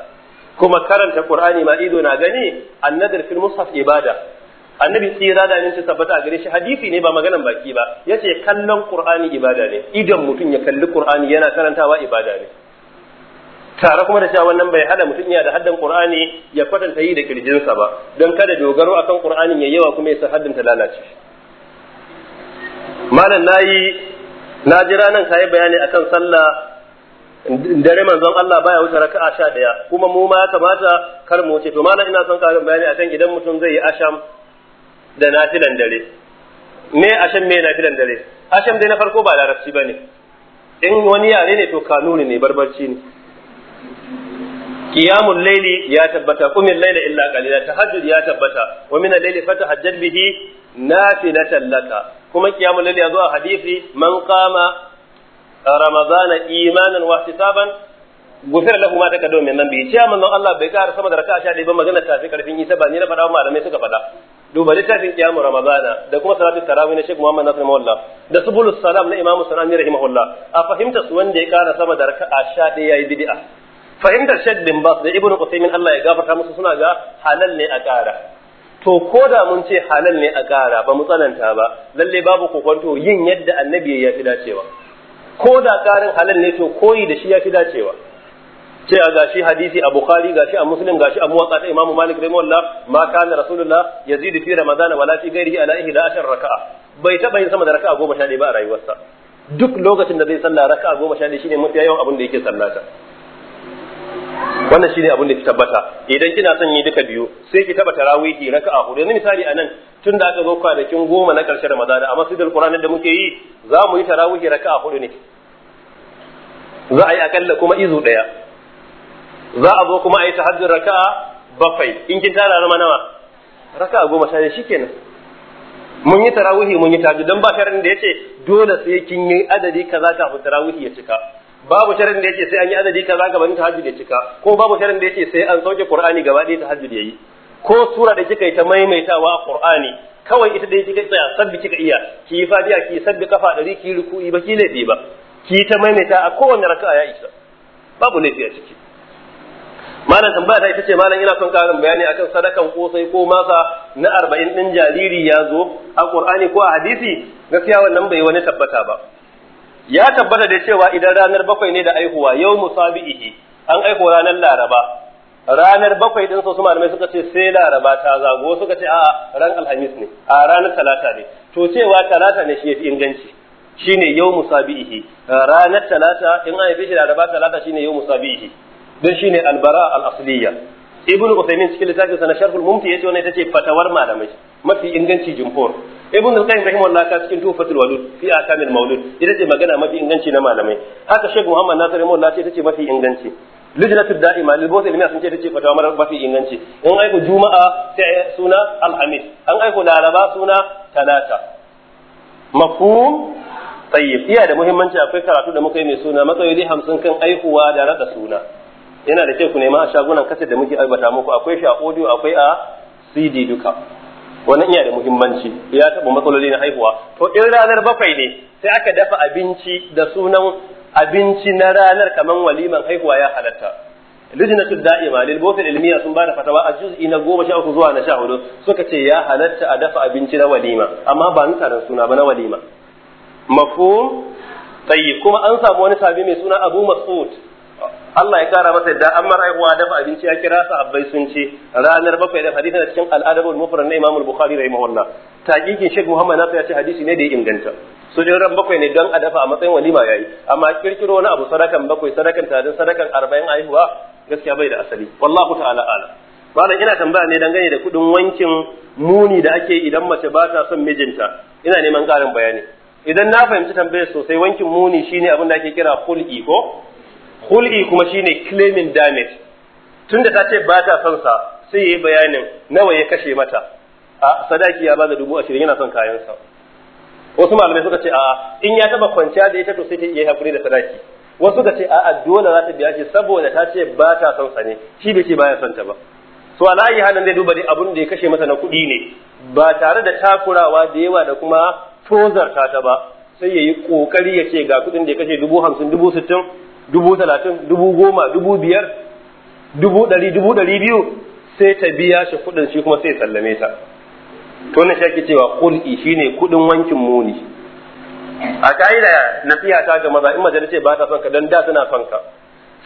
kuma karanta Qur'ani ma ido na gani annadir fil mushaf ibada annabi tsira da ne tabbata a gare shi hadisi ne ba maganan baki ba yace kallon Qur'ani ibada ne idan mutum ya kalli Qur'ani yana karantawa ibada ne tare kuma da cewa wannan bai hada mutum ya da haddan qur'ani ya kwatanta yi da kirjinsa ba don kada dogaro akan qur'anin ya yawa kuma ya sa haddin ta lalace malam nayi na jira nan kai bayani akan sallah dare manzon Allah baya wuce raka'a sha daya kuma mu ma kamata kar mu wuce to malam ina son karin bayani akan idan mutum zai yi asham da nafilan dare me asham me nafilan dare asham dai na farko ba larabci bane in wani yare ne to kanuni ne barbarci ne qiyamul layli ya tabbata qumil layla illa qalila tahajjud ya tabbata wa min al-layli fatahajjad bihi nafilatan laka kuma qiyamul layli ya zo a hadisi man qama ramadana imanan wa ihtisaban gufira lahu ma taka domin nan ce manzon Allah bai kara sama da raka'a sha ɗaya ba magana tafi karfin isa ba ni na faɗa malamai suka faɗa duba littafin kiyamu ramadana da kuma salatu tarawih na Sheikh Muhammad Nasir da subulus salam na Imam Sanani rahimahullah a fahimta su wanda ya kara sama da raka'a sha ɗaya yayi bid'a fahimtar shek bin Bas da ibnu Uthaymeen Allah ya gafarta musu suna ga halal ne a kara. to ko da mun ce halal ne a kara ba mu tsananta ba lalle babu kokonto yin yadda annabi ya fi dacewa ko da ƙarin halal ne to koyi da shi ya fi dacewa ce a gashi hadisi a bukhari gashi a muslim gashi a muwatta ta imamu malik rahimahullah ma kana rasulullah yazidu fi ramadan la fi ghairihi ala ihda ashar raka'a bai taba yin sama da raka'a goma sha ba a rayuwarsa duk lokacin da zai sallah raka'a goma sha ɗaya shine mafi yawan abin da yake sallata wannan shine abin da ki tabbata idan kina son yi duka biyu sai ki tabbata rawihi raka'a hudu yanzu misali anan tun da aka zo kwanakin goma na karshe ramadana a masjidil qur'anin da muke yi za mu yi tarawihi raka'a hudu ne za a yi akalla kuma izu daya za a zo kuma a yi tahajjud raka'a bakwai in kin tara na nawa raka'a goma sha shikenan mun yi tarawihi mun yi tahajjud dan ba karin da yace dole sai kin yi adadi kaza kafin tarawihi ya cika babu sharin da yake sai an yi adadi kaza gaban tahajjud ya cika ko babu sharin da yake sai an sauke qur'ani gaba ɗaya tahajjud yayi ko sura da kika yi ta maimaitawa a qur'ani kawai ita dai kika tsaya sabbi kika iya ki yi fadiya ki sabbi kafa ɗari ki ruku'i ba ki laifi ba ki ta maimaita a kowanne raka'a ya isa babu laifi a ciki malam tambaya ta ita ce malam ina son karin bayani akan sadakan kosai ko masa na arba'in ɗin jariri ya zo a qur'ani ko a hadisi gaskiya wannan bai wani tabbata ba ya tabbata da cewa idan ranar bakwai ne da aihuwa yau musabihi an aihuwa ranar laraba ranar bakwai din su malamai suka ce sai laraba ta zago suka ce a'a ran alhamis ne a ranar talata ne to cewa talata ne shi fi inganci shine yau musabihi ranar talata in an yi shi laraba talata shine yau musabihi don shine albara al ibn uthaymin cikin littafin sa na sharhul mumti yace wannan ita ce fatawar malamai mafi inganci jumhur ibn al-qayyim rahimahullah ta cikin tufatul walud fi akamil maulud ita ce magana mafi inganci na malamai haka sheikh muhammad nasir rahimahullah ce ita ce mafi inganci lujnatud da'ima lil bawt ilmiya sun ce tace fatawa mara mafi inganci in aiko juma'a sai suna alhamis an aiko laraba suna talata mafhum tayyib iya da muhimmanci akwai karatu da muka yi mai suna matsayi hamsin kan aihuwa da rada suna yana da kyau ku nema a shagunan kaset da muke albata muku akwai shi a audio akwai a cd duka wannan iya da muhimmanci ya taɓa matsaloli na haihuwa to in ranar bakwai ne sai aka dafa abinci da sunan abinci na ranar kamar waliman haihuwa ya halatta lijinatul da'ima lil bofil ilmiya sun bada fatawa a juz'i ina goma sha uku zuwa na sha hudu suka ce ya halatta a dafa abinci na walima amma ba ni taron suna ba na walima mafhum tayyib kuma an samu wani sabi mai suna Abu Mas'ud Allah ya kara masa da an mar'aihuwa dafa abinci ya kira sa abbai sun ce ranar bakwai da hadisi na cikin al'adabul mufrad na Imam Bukhari rahimahullah taqiqin Sheikh Muhammad Nasir ya ce hadisi ne da ya inganta su dai ran bakwai ne don a dafa a matsayin walima yayi amma kirkiro wani abu sadakan bakwai sadakan tadin sadakan arba'in aihuwa gaskiya bai da asali wallahu ta'ala ala malam ina tambaya ne dangane da kudin wankin muni da ake idan mace ba ta son mijinta ina neman karin bayani idan na fahimci tambayar sosai wankin muni shine abin da ake kira kulki ko hul'i kuma shine claiming damage tunda ta ce ba ta son sa sai yayi bayanin nawa ya kashe mata a sadaki ya bada dubu ashirin yana son kayansa wasu malamai suka ce a in ya taba kwanciya da ita to sai ta iya hakuri da sadaki wasu ka ce a dole za ta biya shi saboda ta ce ba ta son sa ne shi bai ce baya son ta ba so ala yi halin zai duba dai abun da ya kashe masa na kuɗi ne ba tare da takurawa da yawa da kuma tozarta ta ba sai ya yi ƙoƙari ya ce ga kuɗin da ya kashe dubu hamsin dubu sittin dubu talatin dubu goma dubu biyar dubu ɗari dubu ɗari biyu sai ta biya shi kuɗin shi kuma sai sallame ta to ne shi ake cewa kul'i ne kuɗin wankin muni a ka'ida fiya ta ga maza in mace ta ce ba ta son ka dan da suna fanka ka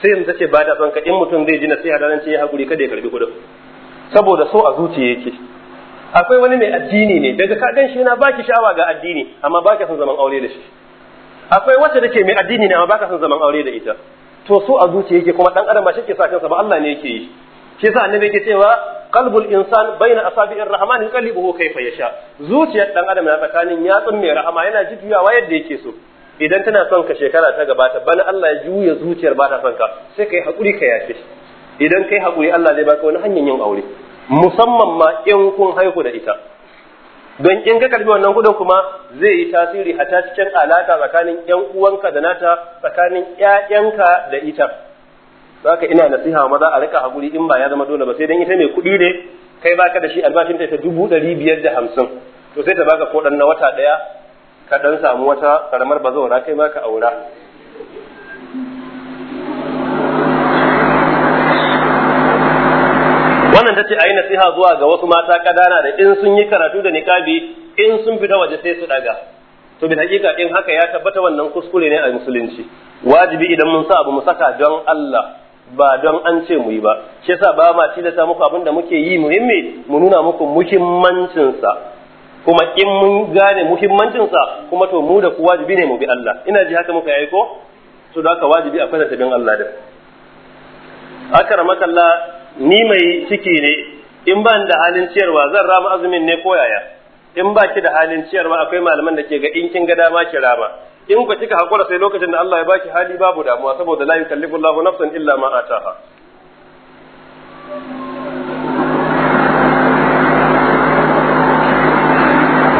sai mu ce ba ta son in mutum zai ji na da nan ce ya hakuri kada ya karbi kuɗin saboda so a zuciya yake akwai wani mai addini ne daga ka shi na baki sha'awa ga addini amma baki son zaman aure da shi akwai wacce take mai addini ne amma baka son zaman aure da ita to su a zuciya yake kuma dan adam ba shi ke sa kansa ba Allah ne yake yi shi yasa annabi yake cewa qalbul insan baina asabi'ir rahman fa kayfa yasha zuciyar dan adam na tsakanin yatsun mai rahama yana jujjuyawa yadda yake so idan tana son ka shekara ta gabata bana Allah ya juya zuciyar ba ta son ka sai kai hakuri ka yafe idan kai hakuri Allah zai baka wani hanyar yin aure musamman ma in kun haihu da ita don in ka karbi wannan kudin kuma zai yi tasiri ta cikin alaka tsakanin 'yan uwanka da nata tsakanin ƴaƴanka da ita ka ina nasiha maza a rika hakuri in ba ya zama dole ba sai dan ita mai kuɗi ne kai baka da shi albashin ta dubu ɗari biyar da hamsin to sai ta baka ko ɗan na wata ɗaya ka ɗan samu wata karamar bazawara kai ma ka aura wannan tace ayi nasiha zuwa ga wasu mata kadana da in sun yi karatu da niƙabi in sun fita waje sai su daga to bi hakika in haka ya tabbata wannan kuskure ne a musulunci wajibi idan mun sa abu mu saka don Allah ba don an ce mu yi ba shi yasa ba ma tilasta muku abin da muke yi muhimmi mu nuna muku muhimmancin sa kuma in mun gane muhimmancin sa kuma to mu da ku wajibi ne mu bi Allah ina ji haka muka yayi ko to da haka wajibi a kwatanta bin Allah da akaramaka ni mai ciki ne in ban da halin ciyarwa zan rama azumin ne ko yaya in ba ki da halin ciyarwa akwai malaman da ke ga in kin ga dama ki rama in ku kika hakura sai lokacin da Allah ya baki hali babu damuwa saboda la yukallifu Allahu nafsan illa ma ataha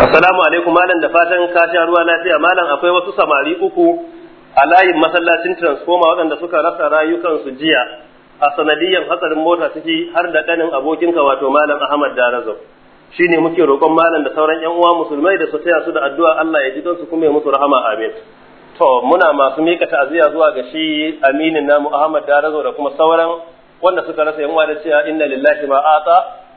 Assalamu alaikum malam da fatan ka sha ruwa lafiya malam akwai wasu samari uku a layin masallacin transformer waɗanda suka rasa rayukansu jiya a sanadiyan hatsarin mota ciki har da kanin abokinka wato malam Ahmad shi ne muke roƙon malam da sauran ƴan uwa musulmai da su taya su da addu'a Allah ya ji don su kuma ya musu rahama amin to muna masu mika ta'aziyya zuwa ga shi aminin namu Ahmad Darazau da kuma sauran wanda suka rasa yan uwa da cewa inna lillahi ma ata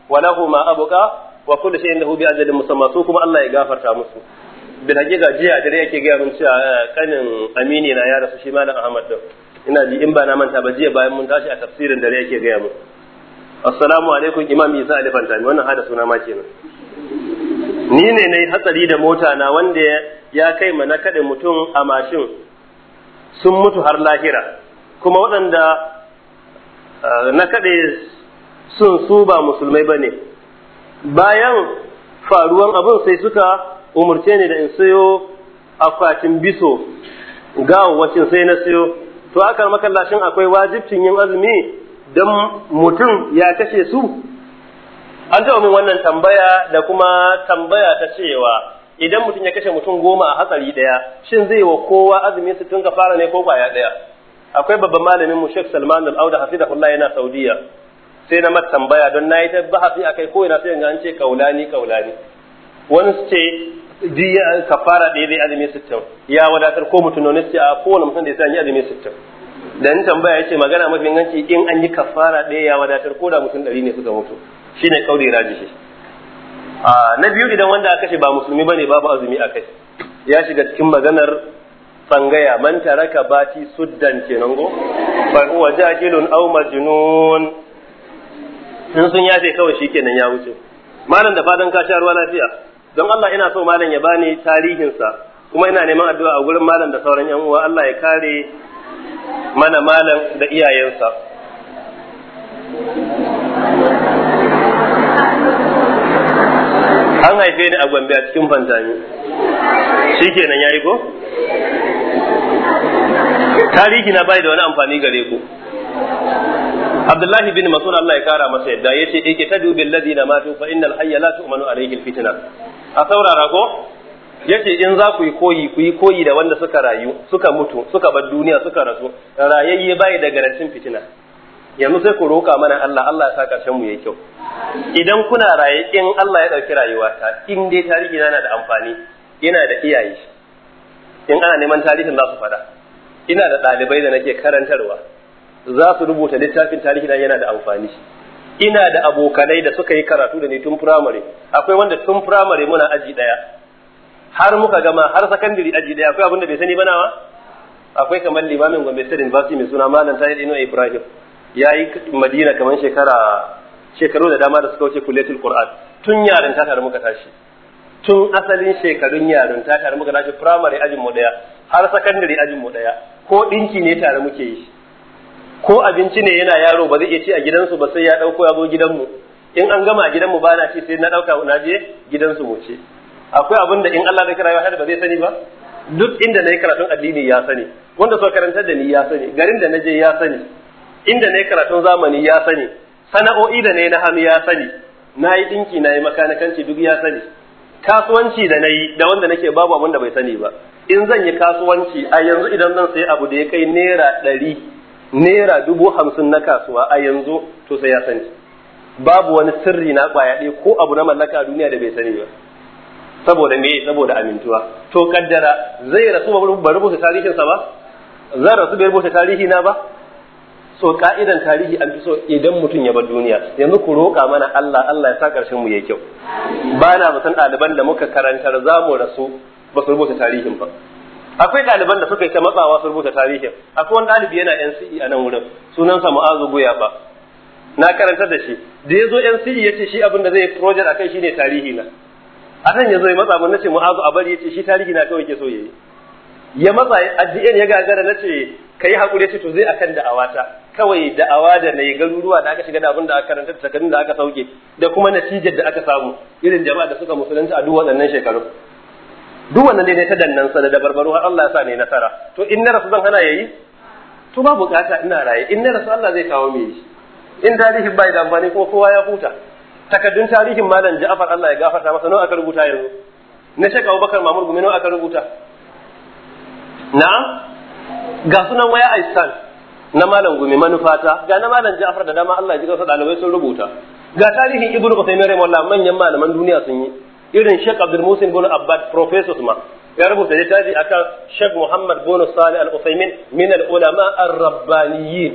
wa lahu ma abuka wa kullu shay'in lahu bi ajalin musamma su kuma Allah ya gafarta musu bin hakika jiya dare yake ga mun cewa eh, kanin amini na ya rasu shi malam Ahmad din ina ji in ba na manta ba jiya bayan mun tashi a tafsirin dare yake gaya mu assalamu alaikum imam isa alifantani wannan hada suna ma kenan ni ne na hatsari da mota na wanda ya kai mana kaɗe mutum a mashin sun mutu har lahira kuma waɗanda eh, na kaɗe sun su ba musulmai ba ne bayan faruwan abin sai suka umarce ni da in sayo akwatin biso gawo wacin sai na sayo to aka makallashin akwai wajibcin yin azumi don mutum ya kashe su an taɓa min wannan tambaya da kuma tambaya ta cewa idan mutum ya kashe mutum goma a hatsari ɗaya shin zai wa kowa azumi su tun ka fara ne ko kwaya ɗaya akwai babban malamin mu Sheikh Salman Al-Auda hafizahullah yana Saudiya sai na mata tambaya don nayi ta bahasi akai ko ina sai an ce kaulani kaulani wani su ce ji kafara ɗaya zai azumi sittin ya wadatar ko mutum ne sai a kowane mutum da ya sanya azumi sittin dan tambaya yace magana mafi inganci in an yi kafara ɗaya ya wadatar ko da mutum ɗari ne suka mutu shine kauri rajihi a na biyu idan wanda aka kashe ba musulmi bane babu azumi a kai ya shiga cikin maganar tsangaya man taraka bati suddan kenan go fa huwa jahilun aw majnun in sun yace kawai shikenan ya wuce malam da fadan ka sha lafiya don Allah ina so malam ya bani tarihinsa kuma ina neman addu'a a gurin malam da sauran yan uwa Allah ya kare mana malam da iyayensa an haife ni a gombe a cikin fantami shi kenan ya yi ko? tarihi na bai da wani amfani gare ku Abdullahi bin Mas'ud Allah ya kara masa yadda yace ta tadu bil ladina matu fa innal hayya la tu'manu alayhi al fitna a saurara ko yace in za ku yi koyi ku yi koyi da wanda suka rayu suka mutu suka bar duniya suka rasu rayayye bai da garantin fitina yanzu sai ku roka mana Allah Allah ya sa karshen mu yayi kyau idan kuna raye in Allah ya dauki rayuwata in dai tarihi na da amfani yana da iyaye in ana neman tarihin za su fada ina da ɗalibai da nake karantarwa za su rubuta littafin tarihi na yana da amfani ina da abokanai da suka yi karatu da ni tun firamare akwai wanda tun firamare muna aji daya har muka gama har sakandiri aji daya akwai abin da bai sani ba nawa akwai kamar limamin gombe sirin university mai suna malam tahir ino ibrahim ya yi madina kamar shekara shekaru da dama da suka wuce kuletul qur'an tun yarin ta tare muka tashi tun asalin shekarun yarin ta tare muka tashi firamare ajin mu daya har sakandare ajin mu daya ko dinki ne tare muke yi ko abinci ne yana yaro ba zai iya ci a gidansu ba sai ya ɗauko ya zo gidanmu in an gama a gidanmu ba na ci sai na ɗauka na je gidansu mu ce akwai abin da in Allah zai kira ya ba zai sani ba duk inda na yi karatun addini ya sani wanda so karantar da ni ya sani garin da na je ya sani inda na yi karatun zamani ya sani sana'o'i da na yi na hannu ya sani na yi ɗinki na yi makanikanci duk ya sani kasuwanci da na yi da wanda nake babu abin da bai sani ba in zan yi kasuwanci a yanzu idan zan sayi abu da ya kai naira ɗari naira dubu hamsin na kasuwa a yanzu to sai ya sani babu wani sirri na kwaya ɗaya ko abu na mallaka a duniya da bai sani ba saboda me saboda amintuwa to kaddara zai rasu ba rubuta tarihin sa ba zan rasu bai rubuta tarihi na ba so ka'idan tarihi an fi so idan mutum ya bar duniya yanzu ku roƙa mana Allah Allah ya sa ƙarshen mu yayi kyau ba na mutan ɗaliban da muka karantar za mu rasu ba su rubuta tarihin ba akwai ɗaliban da suka yi ta matsawa su rubuta tarihin akwai wani ɗalibi yana NCE a nan wurin sunansa Mu'azu ba na karanta da shi da ya zo NCE ya ce shi abin da zai project shi ne tarihi na a nan ya zo ya matsa mun nace Mu'azu a bari ya ce shi tarihi na kawai ke so yayi ya matsa addiyan ya gagara nace kai hakuri ce to zai akan da'awata kawai da'awa da nayi garuruwa da aka shiga da abin da aka karanta da takardun da aka sauke da kuma natijar da aka samu irin jama'a da suka musulunci a duk waɗannan shekaru duk wannan dai ta dannan sa da dabarbaru har Allah ya sa ne nasara to in na rasu zan hana yayi to ba bukata ina raye in na rasu Allah zai kawo me in tarihin bai da amfani ko kowa ya huta takaddun tarihin malam Ja'far Allah ya gafarta masa nawa aka rubuta yanzu na Sheikh Abubakar Mamur Gumi nawa aka rubuta na ga sunan waya Aisan na malam Gumi manufata ga na malam Ja'far da dama Allah ya ji kansa dalibai sun rubuta ga tarihin Ibnu Uthaymeen rahimahullah manyan malaman duniya sun yi irin Sheikh Abdul Musin bin Abbad professors ma ya rubuta littafi akan Sheikh Muhammad bin Salih Al-Utsaimin min al-ulama ar-rabbaniyyin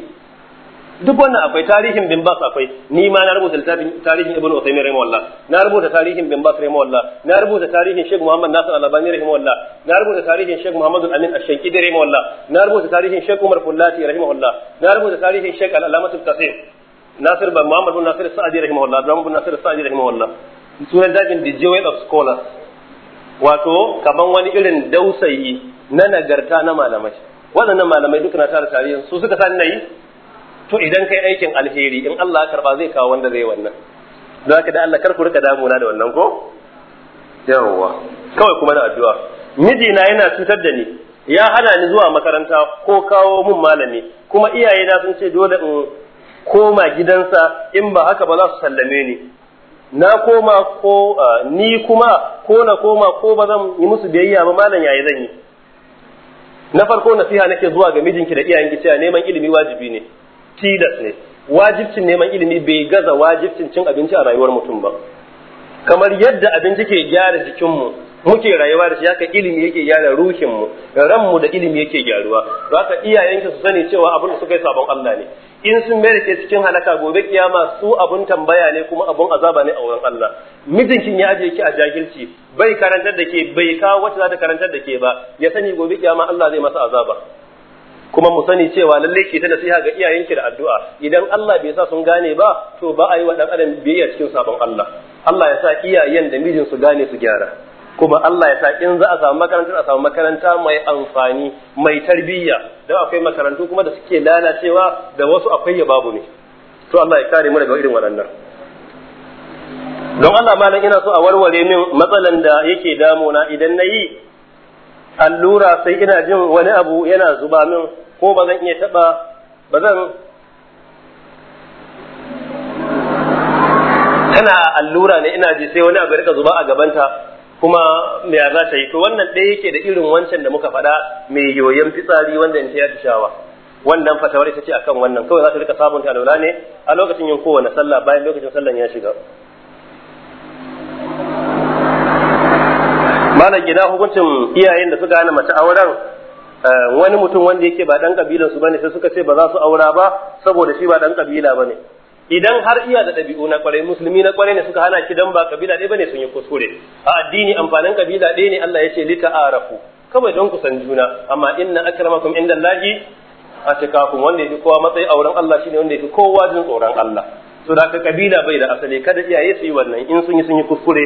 duk wannan akwai tarihin bin Bas akwai ni ma na rubuta tarihin Ibn Uthaymeen rahimahullah na rubuta tarihin bin Bas rahimahullah na rubuta tarihin Sheikh Muhammad Nasir Al-Albani rahimahullah na rubuta tarihin Sheikh Muhammad Al-Amin Ash-Shankidi rahimahullah na rubuta tarihin Sheikh Umar Fullati rahimahullah na rubuta tarihin Sheikh Al-Alama Al-Qasim Nasir bin Muhammad bin Nasir Sa'di rahimahullah Abdurrahman bin Nasir Sa'di rahimahullah sunan dajin the joy of scholars wato kaman wani irin dausayi na nagarta na malamai waɗannan malamai duka na tara tarihin su suka san nayi to idan kai aikin alheri in Allah ya karba zai kawo wanda zai wannan don haka da Allah kar ku rika damuna da wannan ko yawwa kawai kuma na addu'a mijina yana cutar da ni ya hana ni zuwa makaranta ko kawo mun malami kuma iyaye na sun ce dole in koma gidansa in ba haka ba za su sallame ni na koma ko ni kuma ko na koma ko ba zan yi musu biyayya ba malam yayi zan yi na farko nasiha nake zuwa ga mijinki da iyayenki cewa neman ilimi wajibi ne TIDAS ne wajibcin neman ilimi bai gaza wajibcin cin abinci a rayuwar mutum ba kamar yadda abinci ke gyara jikinmu muke rayuwa da shi haka ilimi yake gyara ruhin mu ranmu da ilimi yake gyaruwa don haka iyayenki su sani cewa abin da suka yi sabon Allah ne in sun mai ke cikin halaka gobe kiyama su abun tambaya ne kuma abun azaba ne a wurin Allah mijinkin ya ajiye ki a jahilci bai karantar da ke bai kawo wacce za ta karantar da ke ba ya sani gobe kiyama Allah zai masa azaba kuma mu sani cewa lalle ke ta nasiha ga iyayenki da addu'a idan Allah bai sa sun gane ba to ba a yi wa dan adam biyayya cikin sabon Allah Allah ya sa iyayen da mijin su gane su gyara kuma Allah ya sa in za a samu makaranta a samu makaranta mai amfani mai tarbiyya da akwai makarantu kuma da suke lalacewa da wasu akwai ya babu ne to Allah ya kare mu daga irin waɗannan don Allah malam ina so a warware min matsalan da yake damuna idan nayi yi allura sai ina jin wani abu yana zuba min ko ba zan iya taɓa ba zan tana allura ne ina ji sai wani abu ya rika zuba a gabanta kuma me za ta yi to wannan ɗaya yake da irin wancan da muka faɗa mai yoyon fitsari wanda in ya shawa wannan fatawar ita ce akan wannan kawai za ta rika sabunta alwala ne a lokacin yin kowane sallah bayan lokacin sallah ya shiga malam gida hukuncin iyayen da suka hana mace auren eh, wani mutum wanda yake ba dan kabilan su bane sai suka ce ba za su aura ba saboda shi ba dan kabila bane idan har iya da ɗabi'u na kwarai musulmi na kwarai ne suka hana ki dan ba kabila ɗaya bane sun yi kuskure a addini amfanin kabila ɗaya ne Allah ya ce arafu kawai don ku san juna amma inna akramakum indallahi atqakum wanda yake kowa matsayi auren Allah shine wanda yake kowa jin tsoron Allah to da ka kabila bai da asali kada iyaye su yi wannan in sun yi sun yi kuskure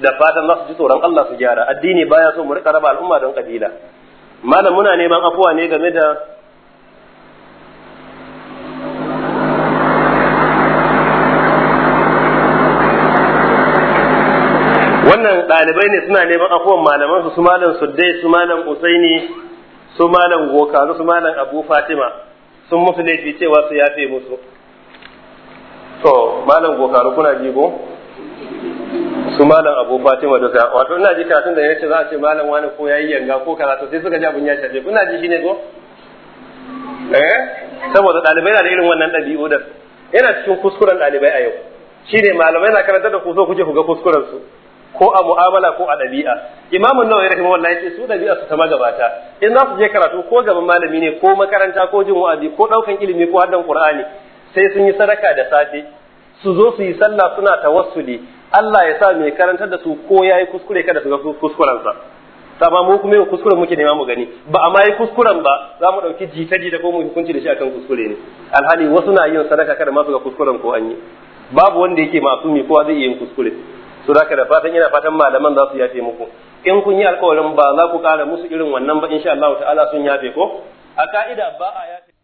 da fatan za su ji tsoron Allah su gyara addini baya so mu rika raba al'umma don kabila malam muna neman afuwa ne game da ɗalibai ne suna neman afuwan malaman su su malam suddai su malam usaini su malam goka su malam abu fatima sun musu laifi cewa su yafe musu to malam gokaru kuna jigo su malam abu fatima duka wato ina ji karatun da ya ce za a ce malam wani ko yayi yanga ko karatu sai suka ji abin ya shafe kuna ji shine ko eh saboda ɗalibai na da irin wannan ɗabi'u da yana cikin kuskuren ɗalibai a yau shine malamai na karanta da ku so kuke ku ga kuskuren su ko a mu'amala ko a ɗabi'a imamun nawawi rahimahullah sai su ɗabi'a su ta magabata in za su je karatu ko gaban malami ne ko makaranta ko jin wa'azi ko ɗaukan ilimi ko haddan qur'ani sai sun yi sadaka da safe su zo su yi sallah suna tawassuli Allah ya sa mai karantar da su ko yayi kuskure kada su ga kuskurensa sama mu kuma yau kuskuren muke nema mu gani ba a ma kuskuren ba za mu ɗauki jitaji da ko mu hukunci da shi akan kuskure ne alhali wasu na yin sadaka kada ma su ga kuskuren ko an yi babu wanda yake masumi kowa zai iya yin kuskure to da da fatan yana fatan malaman za su yafe muku in kun yi alkawarin ba za ku kara musu irin wannan ba insha Allah ta'ala sun yafe ko a ka'ida ba a yafe